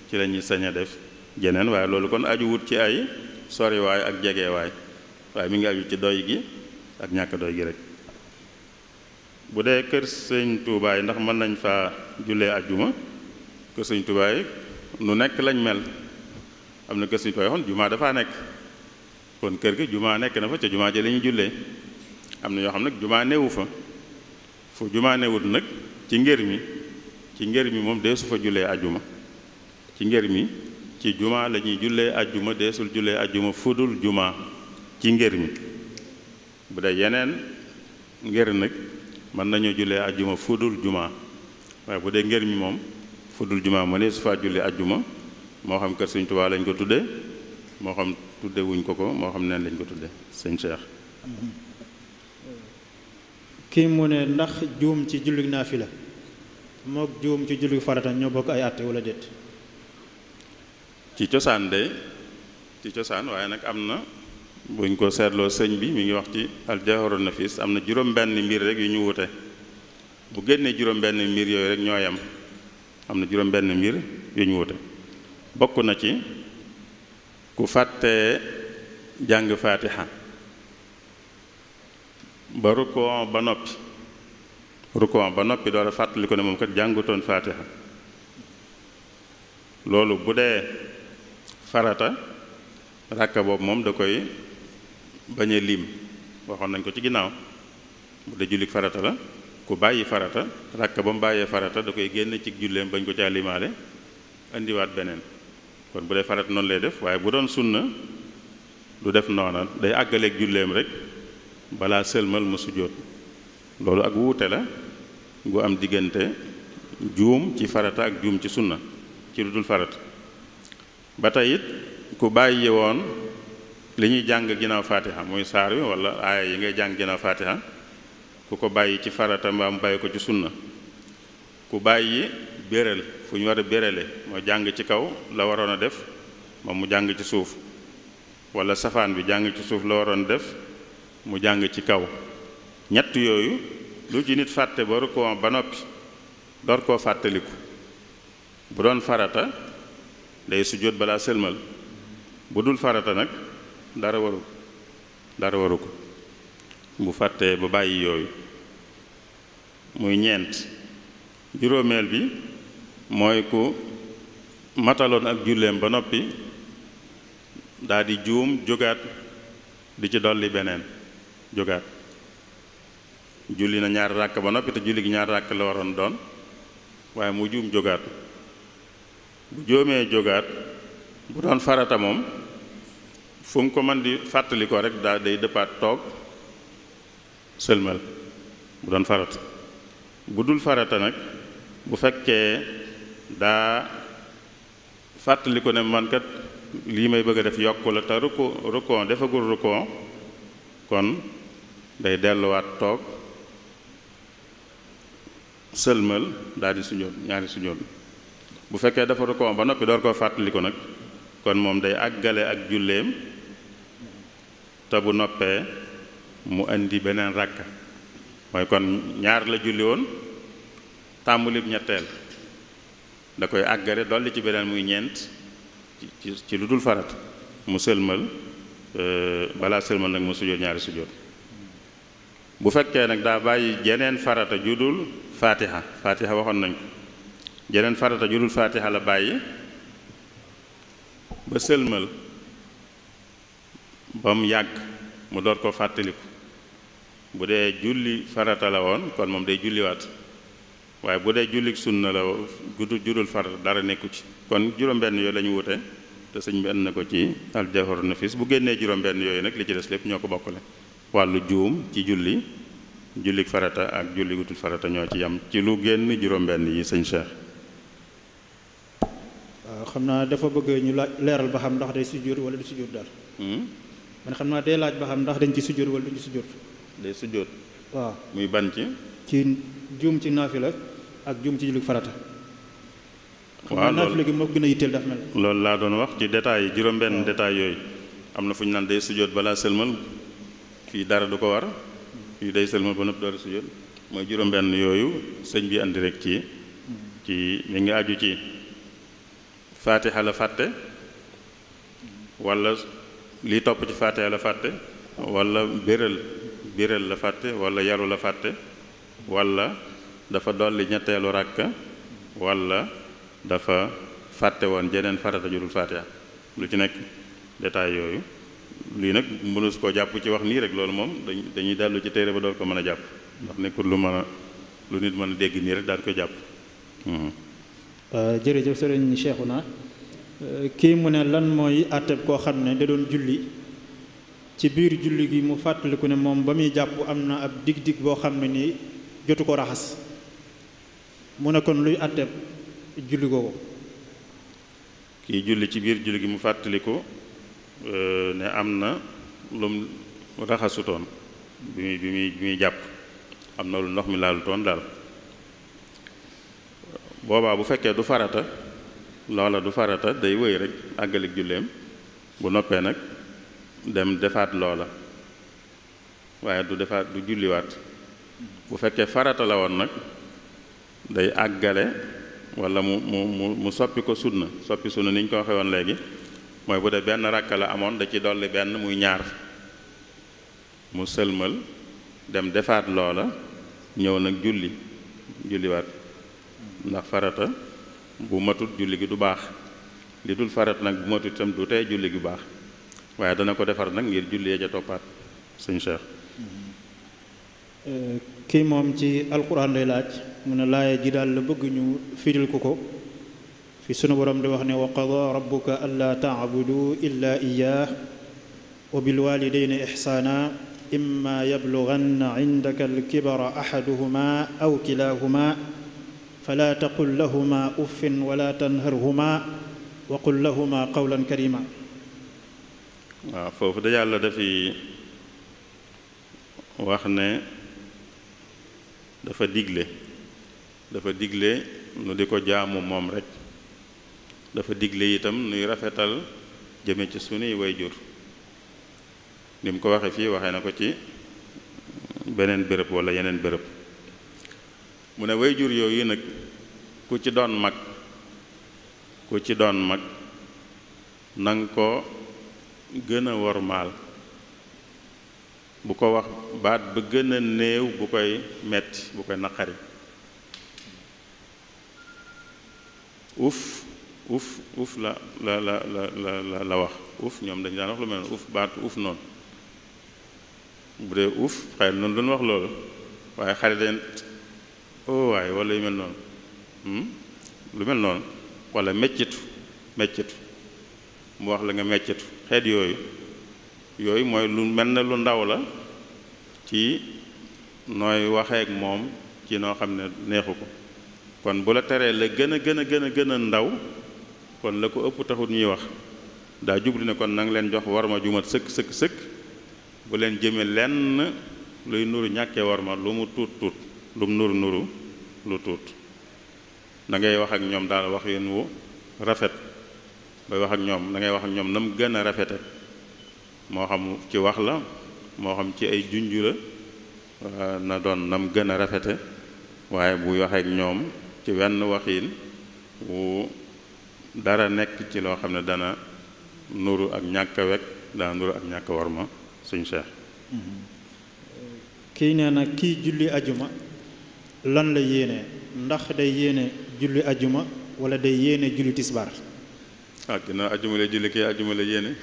ci lañuy ñuy a def jeneen waaye loolu kon aju wut ci ay soriwaay ak jegewaay waaye mi ngi aju ci doy gi ak ñàkk doy gi rek bu dee kër sëñ tuubaay ndax mën nañ faa jullee ajuma kër sëñ Touba nu nekk lañ mel am na kër sëñ Touba yi xon jumaa dafaa nekk kon kër gi jumaa nekk na fa ca jumaa ji lañuy jullee am na yoo xam nag jumaa fa fu jumaa newut nag ci ngër mi ci ngër mi moom deesu fa jullee ajjuma ci ngër mi ci jumaa lañuy ñuy jullee ajjuma deesul jullee ajjuma fudul jumaa ci ngër bu dee yeneen ngër nag mën nañoo jullee ajjuma fudul jumaa waaye bu dee ngër mi moom fudul jumaa mu ne su faa jullee ajjuma moo xam kër Sëñ Tuubaa lañ ko tuddee moo xam tudde ko ko moo xam neen lañ ko tudde sëñ Cheikh kii mu ne ndax juum ci julli la mook juum ci julli farata ñoo bokk ay àtte wala déet ci cosaan de ci cosaan waaye nag am na buñ ko seetloo sëñ bi mu ngi wax ci aljawharun nafis am na juróom-benn mbir rek yu ñu wute bu génnee juróom-benn mbir yooyu rek ñoo yam am na juróom-benn mbir yu ñu wute bokk na ci ku fàttee jàng faatiha ba rukkoo ba noppi rukkoo ba noppi door a fàttali ko ne moom kat jàngutoon faatiha loolu bu dee farata ràkka boobu moom da koy bañ a lim waxoon nañ ko ci ginnaaw bu dee jullik farata la ku bàyyi farata ràkka ba mu bàyyee farata da koy génn ci julleem bañ ko caa limaale indiwaat beneen kon bu dee farata noonu lay def waaye bu doon sunna du def noona day àggaleeg julleem rek balaa sëlmal ma sujjóot loolu ak wuute la gu am diggante juum ci farata ak juum ci sunna ci lu dul farata ba tey ku bàyyi woon li ñuy jàng ginnaaw faatiha mooy saar wi wala aaya yi ngay jàng ginnaaw faatiha ku ko bàyyi ci farata mbaa mu bàyyi ko ci sunna ku bàyyi béral fu ñu war a bérale jàng ci kaw la waroon a def moom mu jàng ci suuf wala safaan bi jàng ci suuf la waroon def mu jàng ci kaw ñett yooyu lu ci nit fàtte ba rukkoo ba noppi door koo fàttaliku bu doon farata day sujjóot balaa sëlmal bu dul farata nag dara waru dara waru ko bu fàtte ba bàyyi yooyu muy ñeent juróomeel bi mooy ku mataloon ak julleem ba noppi daldi juum jógaat du ci dolli beneen jógaat julli na ñaar ràkk ba noppite te julli gi ñaari ràkk la waroon doon waaye mu juum jógaat bu jóomee jógaat bu doon farata moom fu mu ko mën di fàttali ko rek daa day dëppaat toog sëlmal bu doon farata bu dul farata nag bu fekkee daa fàttali ko ne man lii may bëgg a def yokk la te ruko ruko defagul ruko kon day delluwaat toog sëlmal daal di sujjóot ñaari sujjóot bu fekkee dafa rukkoo ba noppi door koo fàttaliku nag kon moom day àggale ak julleem te bu noppee mu indi beneen ràkka waaye kon ñaar la julli woon tàmbulib ñetteel da koy àggale dolli ci beneen muy ñeent ci ci lu dul farat mu sëlmal euh, balaa sëlmal nag mu sujjóot ñaari sujjóot bu fekkee nag daa bàyyi jeneen farata judul faatiha faatiha waxoon nañ ko jeneen farata judul faatiha la bàyyi ba sëlmal ba mu yàgg mu door ko fàttaliku bu dee julli farata la woon kon moom day julliwaat waaye bu dee julli sunna la gudu judul farata dara nekku ci kon juróom-benn yooyu la ñu wute te sëñ bi and na ko ci aljawhar nafis bu génnee juróom-benn yooyu nag li ci des lépp ñoo ko bokkale wàllu juum ci julli jullik farata ak julli gutul farata ñoo ci yam ci lu génn juróom-benn yi sëñ Cheikh. waaw xam naa dafa bëgg ñu laaj leeral ba xam ndax day sujjóot wala du sujjóot daal. Hmm? xam naa day laaj ba xam ndax dañ ci sujjóot wala duñ ci sujjóot. day sujjóot. waaw muy ban ci. ci juum ci naafila ak jum ci jullik farata. waaw loolu naafila gi moo loolu laa doon wax ci détails yi juróom-benn détails yooyu am na fu ñu naan day sujjóot balaa sëlmal fii dara du ko war. dey day sëlmal ba noppi door a sujjóot mooy juróom-benn yooyu sëñ bi andi rek ci ci mi ngi aju ci faatiha la fàtte wala lii topp ci faatiha la fàtte wala béral béral la fàtte walla yaru fàtte wala dafa dolli ñetteelu ràkka wala dafa fàtte woon jeneen farata jurul faatiha lu ci nekk détail yooyu lii nag mënees koo jàpp ci wax nii rek loolu moom dañuy dañuy dellu ci téere ba door ko mën a jàpp ndax nekkul lu mën a lu nit mën a dégg nii rek daan ko jàpp. Mhm. Euh, jërëjëf sëriñ Cheikhouna euh, kii mu ne lan mooy àtteeb koo xam ne da doon julli ci biir julli gi mu fàttaliku ne moom ba muy jàpp am na ab digg digg boo xam ne nii jotu ko raxas mu ne kon luy àtteeb julli googu. kii julli ci biir julli gi mu fàttaliku. Euh, ne am na lum raxasutoon bi muy bi muy jàpp am na lu ndox mi laalutoon daal boobaa bu fekkee du farata loola du farata day wëy rek àggalik julleem bu noppee nag dem defaat loola waaye du defaat du julliwaat bu fekkee farata la woon nag day àggale walla mu mu mu soppi ko na soppi sunna ni ñu ko waxee woon léegi mooy bu dee benn rakka la amoon da ci dolli benn muy ñaar mu sëlmal dem defaat loola ñëw nag julli julliwaat ndax farata bu matut julli gi du baax li dul farata nag bu matut itam julli gi baax waaye dana ko defar nag ngir julli ya ca toppaat sëñ Cheikh euh, kii moom ci alxuraan lay laaj mu ne laaya ji daal la bëgg ñu firil ko ko fi sunu borom di wax ne wa qada rabbuka alla taabudu illa iyaah wa bilwalidayni ixsaana imma yablughanna indaka alkibara ahaduhuma aw kilahuma fala taqul lahuma uffin wala tanharhuma wa qul lahuma qawlan karima waaw foofu da yàlla dafi wax ne dafa digle dafa digle nu di ko jaamu moom rekk dafa digle itam nuy rafetal jëme ci sunuy wayjur ni mu ko waxe fii waxee na ko ci beneen béréb wala yeneen béréb mu ne way wayjur yooyu nag ku ci doon mag ku ci doon mag nang ko gën a wormaal bu ko wax baat ba gën a néew bu koy metti bu koy naqari uf uf uf la la la la la la wax uf ñoom dañu daan wax lu mel ne uf baatu uf noonu bu dee uf xëy na noonu lu ñu wax loolu waaye xale dañ oh waaye wala yu mel noonu hmm? lu mel noonu wala meccitu meccitu mu wax la nga meccitu xeet yooyu yooyu mooy lu mel ne lu ndaw la ci nooy waxee ak moom ci noo xam ne neexu ko kon bu la teree la gën a gën a gën a gën a ndaw. kon la ko ëpp taxut ñuy wax daa jublu ne kon nang leen jox war ma ju mat sëkk sëkk sëkk bu leen jëme lenn luy nuru ñàkkee war ma lu mu tuut tuut lu mu nuru nuru lu tuut da ngay wax ak ñoom daal wax yéen wu rafet bay wax ak ñoom da ngay wax ak ñoom na mu gën a rafete moo xam ci wax la moo xam ci ay junju la na doon nam gën a rafete waaye buy waxeek ñoom ci wenn waxiin wu dara nekk ci loo xam ne dana nuru ak ñàkk a wekk dana nuru ak ñàkk war ma suñ Cheikh kii nee na kii julli ajuma lan la yéene ndax day yéene julli ajuma wala day yéene julli tisbaar ah ginnaaw ajuma la julli kii ajuma la yéene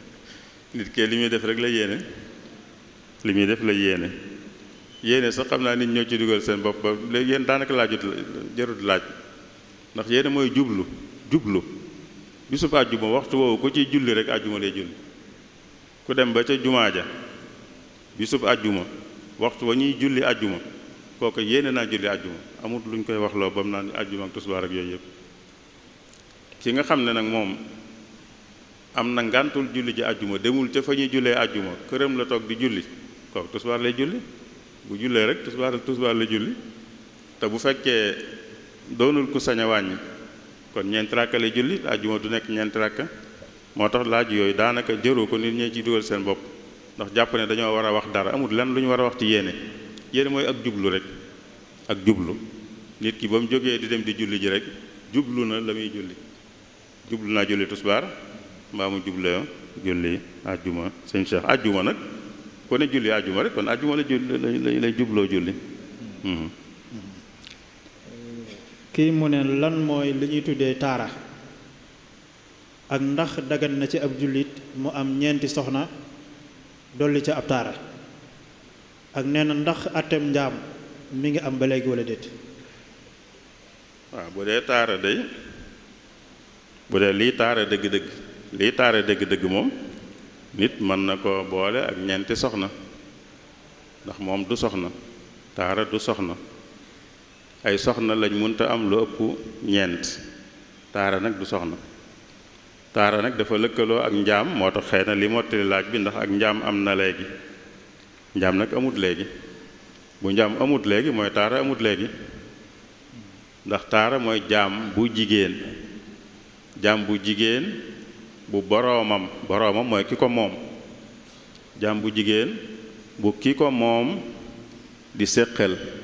*laughs* nit kee li muy def rek la yéene li muy def la yéene yéene sax xam naa nit ñoo ci dugal seen bopp ba léegi yéen daanaka laajut jarut laaj ndax yéene mooy jublu jublu bisub àjjuma waxtu woowu rek àjjuma lay julli ku dem ba ca jumaa ja bisub àjjuma waxtu wa ñuy julli àjjuma kooku yéene naa julli àjjuma luñ koy waxloo ba mu naan tusbaar yooyu yëpp nga xam ne nag moom am na ngàntul julli ji àjjuma demul ca ñuy jullee àjjuma këram la toog di julli kooku lay julli bu jullee rek tusbaar tusbaar lay julli te bu fekkee doonul ku sañ kon ñeenti rakk julli ajjuma du nekk ñeent rakk moo tax laaj yooyu daanaka jëru ko nit ñee ci dugal seen bopp ndax jàpp ne dañoo war a wax dara amul lan lu ñu war a wax ci yéene yéene mooy ak jublu rek ak jublu nit ki ba mu jógee di dem di julli ji rek jublu na la muy julli jublu naa julli tusbaar mbaa mu jubloo julli ajjuma sëñ Cheikh ajjuma nag ku ne julli ajjuma rek kon ajjuma la lay jubloo julli hmm. kii mu ne lan mooy li ñuy tuddee taara ak ndax dagan na ci ab jullit mu am ñeenti soxna dolli ca ab taara ak nee na ndax atem njaam mi ngi am ba léegi wala déet waaw bu dee taara day bu dee lii taara dëgg-dëgg lii taara dëgg-dëgg moom nit mën na ko boole ak ñeenti soxna ndax moom du soxna taara du soxna ay soxna lañ mënta am lu ëpp ñeent taara nag du soxna taara nag dafa lëkkaloo ak njaam moo tax xëy na li mottali laaj bi ndax ak njaam am na léegi njaam nag amut léegi bu njaam amut léegi mooy taara amut léegi ndax taara mooy jaam bu jigéen jaam bu jigéen bu boroomam boroomam mooy ki ko moom jaam bu jigéen bu ki ko moom di séqal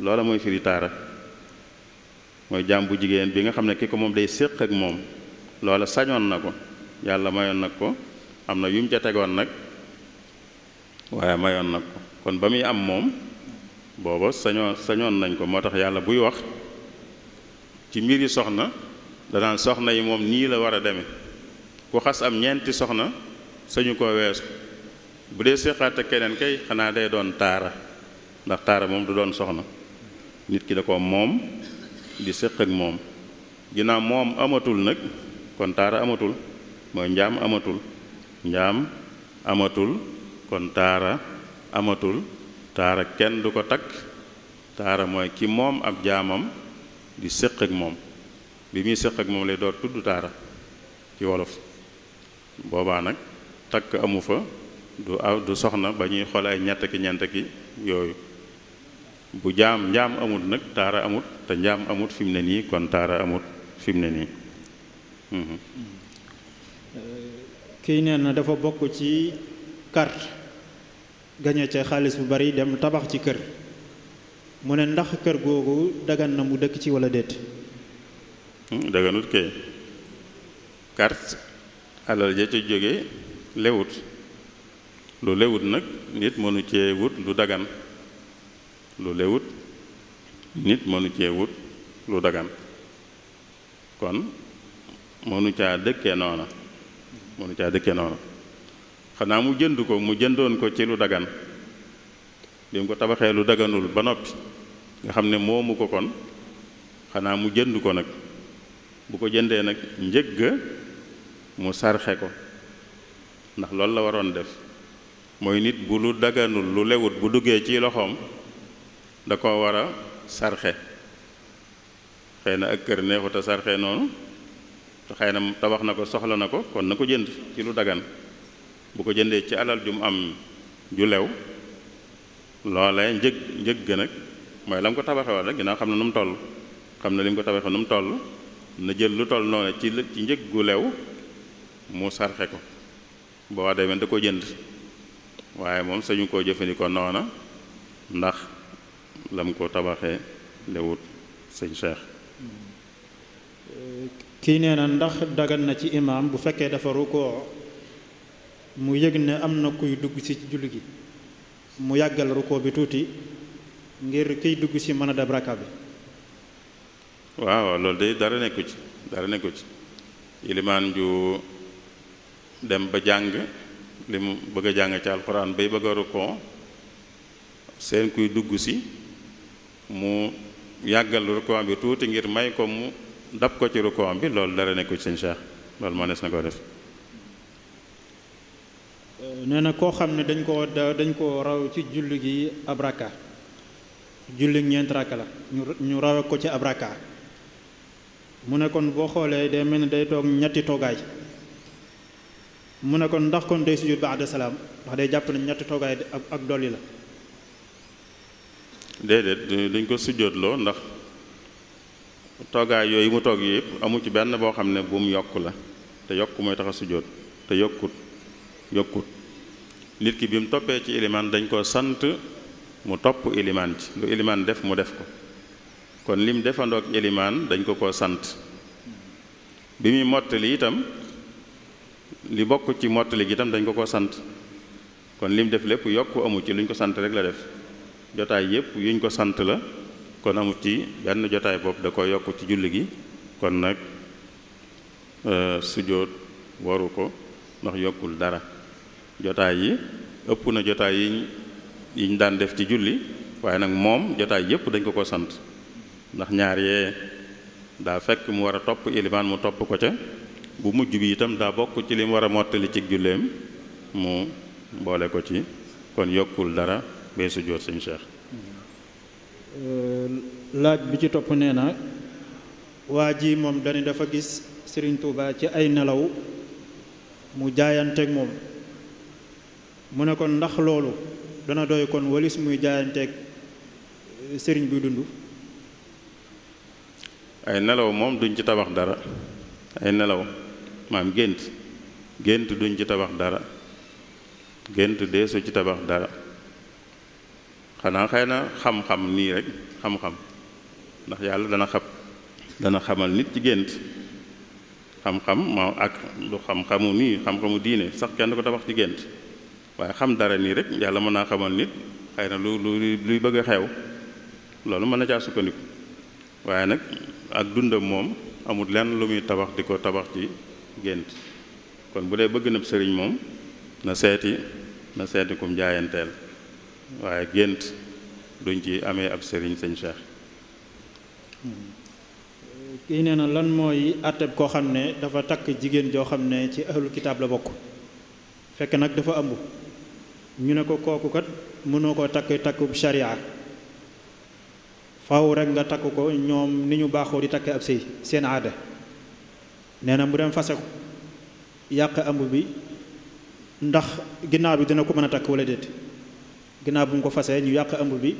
loola mooy firi taara mooy jaam bu jigéen bi nga xam ne ki ko moom day séq ak moom loola sañoon na ko yàlla mayoon nag ko am na yu mu ca tegoon nag waaye mayoon nag ko kon ba muy am moom booba sañoon sañoon nañ ko moo tax yàlla buy wax ci mbir yi soxna danaan soxna yi moom nii la war a deme ku xas am ñeenti soxna sañu ko weesu bu dee séqaat ak keneen kay xanaa day doon taara ndax taara moom du doon soxna nit ki da ko moom di sëq ak moom ginnaaw moom amatul nag kon taara amatul mooy njaam amatul njaam amatul kon taara amatul taara kenn du ko takk taara mooy ki moom ab jaamam di séq ak moom bi muy séq ak moom lay door tudd taara ci wolof boobaa nag takk amu fa du aw du soxna ba ñuy xool ay ñett ki ñeent ki yooyu bu jaam njaam amut nag taara amut te njaam amut fi mu ne nii kon taara amut fi mu ne nii mhm. euh, kii nee na dafa bokk ci carte gañe ca xaalis bu bari dem tabax ci kër mu ne ndax kër googu dagan na mu dëkk ci walla déet hmm, daganut kay carte alal ja ca jóge lewut lu lewut nag nit mënu cee wut lu dagan lu lewut nit mënu cee wut lu dagan kon mënu caa dëkkee noona mënu caa dëkkee noona xanaa mu jënd ko mu jëndoon ko ci lu dagan bi mu ko tabaxee lu daganul ba noppi nga xam ne moomu ko kon xanaa mu jënd ko nag bu ko jëndee nag njëg ga mu sarxe ko ndax loolu la waroon def mooy nit bu lu daganul lu lewut bu duggee ci loxoom da koo war a sarxe xëy na ak kër neexut a sarxe noonu te na mu tabax na ko soxla na ko kon na ko jënd ci lu dagan bu ko jëndee ci alal ju mu am ju lew loolee njëg njëg gën nag mooy la mu ko tabaxe woon rek ginnaaw xam na nu mu toll xam na li mu ko tabaxe nu mu toll na jël lu toll noonu ci ci njëg gu lew mu sarxe ko boo demee da ko jënd waaye moom sañu koo jëfandikoo noona ndax lam ko tabaxee lewut sëñ Cheikh kii nee na ndax dagan na ci imaam bu fekkee dafa rukkoo mu yëg ne am na kuy dugg ci julli gi mu yàggal rukkoo bi tuuti ngir kiy dugg ci mën a dem raka bi waaw loolu de dara nekku ci dara ko ci ilimaan ju dem ba jàng li mu bëgg a jàng ci alxuraan bay bëgg a rukkoo seen kuy dugg si mu yàggal rukkoo bi tuuti ngir may ko mu dab ko ci rukkoo bi loolu dara nekku ci sëñ Cheikh loolu moo nees na koo def euh, nee na koo xam ne dañ ko dañ ko raw ci julli gi ab rakka julli ñeent rakka la ñu rawe ko ci ab rakka mu ne kon boo xoolee day mel ni day toog ñetti toogaay mu ne kon ndax kon day sujud ba àdda salaam ndax day jàpp ne ñetti toogaay ak dolli la déedéet dañ ko sujjootloo ndax toogaay yooyu mu toog yëpp amu ci benn boo xam ne bu mu yokk la te yokk mooy tax a sujjoot te yokkut yokkut nit ki bi mu toppee ci ilimaan dañ ko sant mu topp ilimaan ci lu ilimaan def mu def ko kon lim defandoog ilimaan dañ ko ko sant bi muy mottali itam li bokk ci mottali gi itam dañ ko ko sant kon lim def lépp yokk amu ci luñ ko sant rek la def jotaay yëpp yuñ ko sant la kon amut ci benn jotaay bopp da ko yokk ci julli gi kon nag euh, sujjóot waru ko ndax yokkul dara jotaay yi ëpp na jotaay yi yiñ daan def ci julli waaye nag moom jotaay yëpp dañ ko ko sant ndax ñaar yee daa fekk mu war a topp ilimaan mu topp ko ca bu mujj bi itam daa bokk ci li mu war a mottali ci julleem mu boole ko ci kon yokkul dara bay sujjóot sëñ Cheikh euh, laaj bi ci topp nee na waa jii moom dani dafa gis sëriñ Touba ci ay nelaw mu jaayanteeg moom mu ne kon ndax loolu dana doy kon walis muy jaayanteeg euh, sëriñ buy dund ay nelaw moom duñ ci tabax dara ay nelaw maam gént gént duñ ci tabax dara gént deesu ci tabax dara xanaa xëy na xam-xam nii rek xam-xam ndax yàlla dana xam dana xamal nit ci gént xam-xam ma ak lu xam-xamu nii xam-xamu diine sax kenn du ko tabax ci gént waaye xam dara nii rek yàlla mën naa xamal nit xëy na lu luy bëgg xew loolu mën a caa sukkandiku waaye nag ak dundam moom amul lenn lu muy tabax di ko tabax ci gént kon bu dee bëgg na sëriñ moom na seeti na seeti kum jaayanteel waaye gént duñ ci amee ab sëriñ sañ Cheikh kii nee na lan mooy àtteeb koo xam ne dafa takk jigéen joo xam ne ci ahlul kitaab la bokk fekk nag dafa ëmb ñu ne ko kooku kat mënoo ko takk takkub sharia faw rek nga takk ko ñoom ni ñu baaxoo di takk ab sëy seen aada nee na mu dem fase ko yàq ëmb bi ndax ginnaaw bi dina ko mën a takk wala déet ginnaaw bu mu ko fasee ñu yàq ëmb bi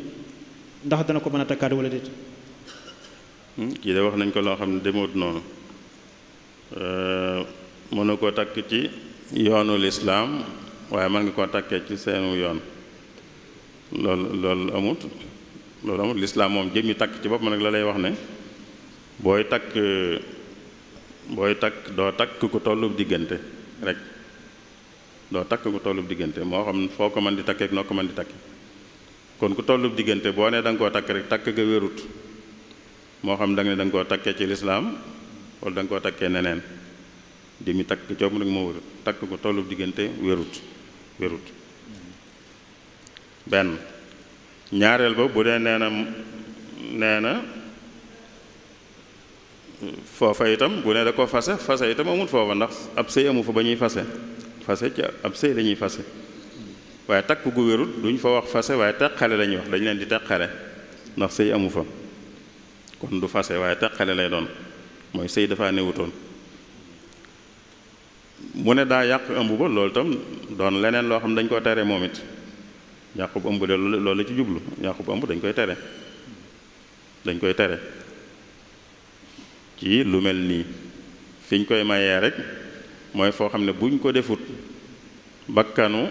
ndax dana ko mën a takkaat wala déet. Hmm, kii de wax nañ ko loo xam ne demoot noonu euh, mën na koo takk ci yoonu lislaam waaye mën ngi koo takkee ci seenu yoon loolu lool amut loolu amut lislaam moom jëmmi takk ci bopp boppam nag la lay wax ne booy takk booy takk doo takk ku tollu diggante rek loo takk ku tollub diggante moo xam foo ko mën di takkeek noo ko mën di takke kon ku tollub diggante boo nee danga koo takk rek takk ga wérut moo xam da nga ne da koo takkee ci lislaam wala da koo takkee neneen di mi takk coob nag moo wérut takk ku tollub diggante wérut wérut benn ñaareel ba bu dee nee na nee na foofa itam bu ne da ko fase fase itam amul foofa ndax ab sëy amu fa ba ñuy fase fase ci ab sëy lañuy ñuy fase waaye takk gu wérut duñ fa wax fase waaye taqale la ñuy wax dañu leen di taqale ndax sëy amu fa kon du fase waaye taqale lay doon mooy sëy dafa newutoon mu ne daa yàq ëmb ba loolu itam doon leneen loo xam dañ ko tere moom it yàqub ëmb de loolu ci jublu yàqub ëmb dañ koy tere dañ koy tere kii lu mel nii fiñ koy mayee rek mooy foo xam ne buñ ko defut bakkanu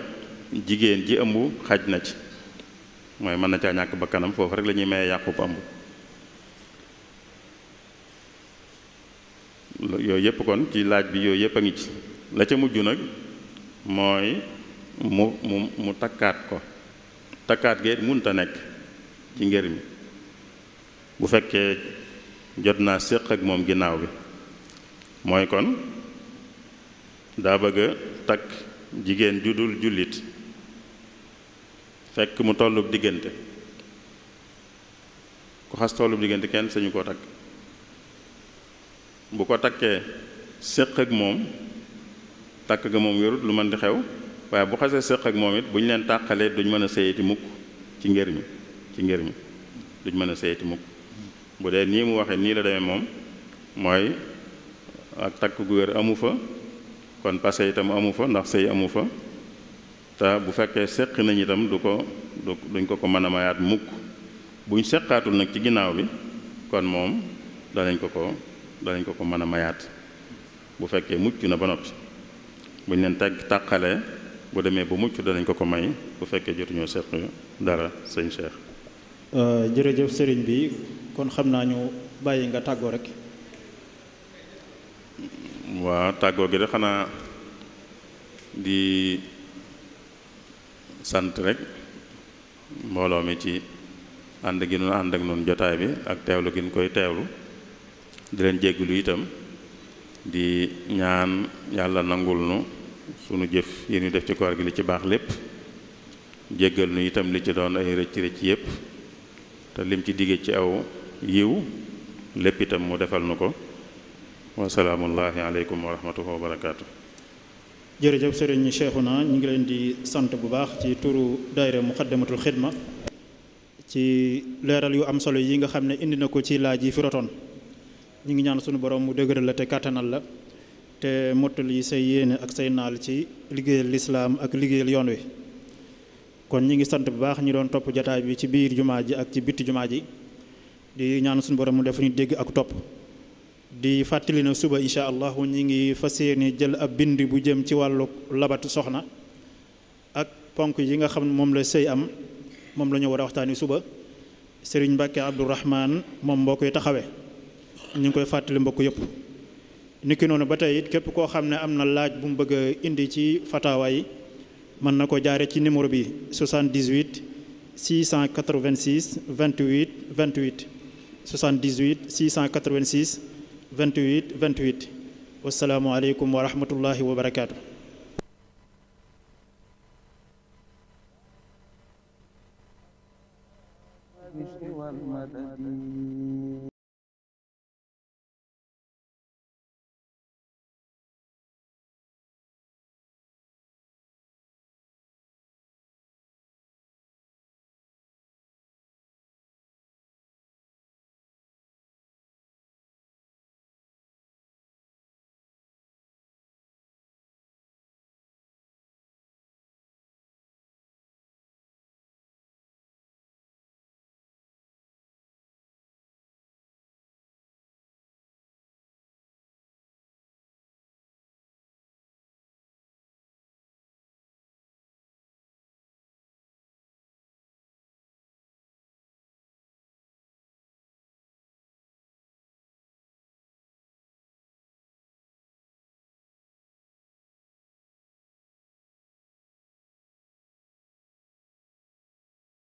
jigéen ji ëmb xaj na ci mooy mën na caa ñàkk bakkanam foofu rek lañuy ñuy maye yàqub ëmb yooyu yëpp kon ci laaj bi yooyu yëpp a ngi ci la ca mujj nag mooy mu mu mu takkaat ko takkaat geet munta nekk ci ngër bu fekkee jot naa séq ak moom ginnaaw bi mooy kon daa bëgg a takk jigéen ju dul jullit fekk mu tollub diggante ku xas tollub diggante kenn sañu koo takk bu ko takkee séq ak moom takk ga moom wérut lu mën di xew waaye bu xasee séq ak moom it bu ñu leen tàqalee duñ mën a séyati mukk ci ngër ci ngër duñ mën a séyati mukk bu dee nii mu waxee nii la demee moom mooy ak takk gu wér amu fa kon passé itam amu fa ndax sëy amu fa te bu fekkee seq nañ itam du ko du duñ ko ko mën a mayaat mukk buñ seqaatul nag ci ginnaaw bi kon moom danañ ko ko danañ ko ko mën a mayaat bu fekkee mucc na ba noppi buñ leen teg taqale bu demee ba mucc danañ ko ko may bu fekkee jotuñoo seq dara sëñ Cheikh. Euh, jërëjëf sëriñ bi kon xam naa ñu bàyyi nga tàggoo rek. waa tàggoo gi de xanaa di sant rek mbooloo mi ci ànd gi nu ànd ak noonu jotaay bi ak teewlu gi nu koy teewlu di leen jéggulu itam di ñaan yàlla nangul nu sunu jëf yi ñu def ci koor gi li ci baax lépp jéggal nu itam li ci doon ay rëcc rëcc yépp te lim ci digge ci aw yiw lépp itam mu defal nu ko wa salaamullahi aleykum wa rahmatuhu wa barakaatu. jërëjëf sëriñ naa ñu ngi leen di sant bu baax ci turu daayira Muxaddamatul Xidma ci leeral yu am solo yi nga xam ne indi na ko ci laaj yi fi rotoon ñu ngi ñaan sunu borom mu dëgëral la te kàttanal la te mottali say yéene ak say naal ci liggéeyal lislaam ak liggéeyal yoon wi kon ñu ngi sant bu baax ñi doon topp jataay bi ci biir jumaa ji ak ci bitti jumaa ji di ñaan sunu borom mu def ñu dégg ak topp. di fàttali na suba incha allah ñi ngi fas yéene jël ab bind bu jëm ci wàllu labatu soxna ak ponk yi nga xam moom la sëy am moom la ñu war a waxtaani suba sëriñ Mbàkke Abdourahman moom mboo koy taxawee ñu ngi koy fàttali mbokk yëpp niki noonu ba tey it képp koo xam ne am na laaj bu mu bëgg indi ci fatawa mën na ko jaare ci numéro bi 78 686 28 28 78 686 28 28 wasalaamualeykum wa rahmatullahi wa barakaatu. والمدد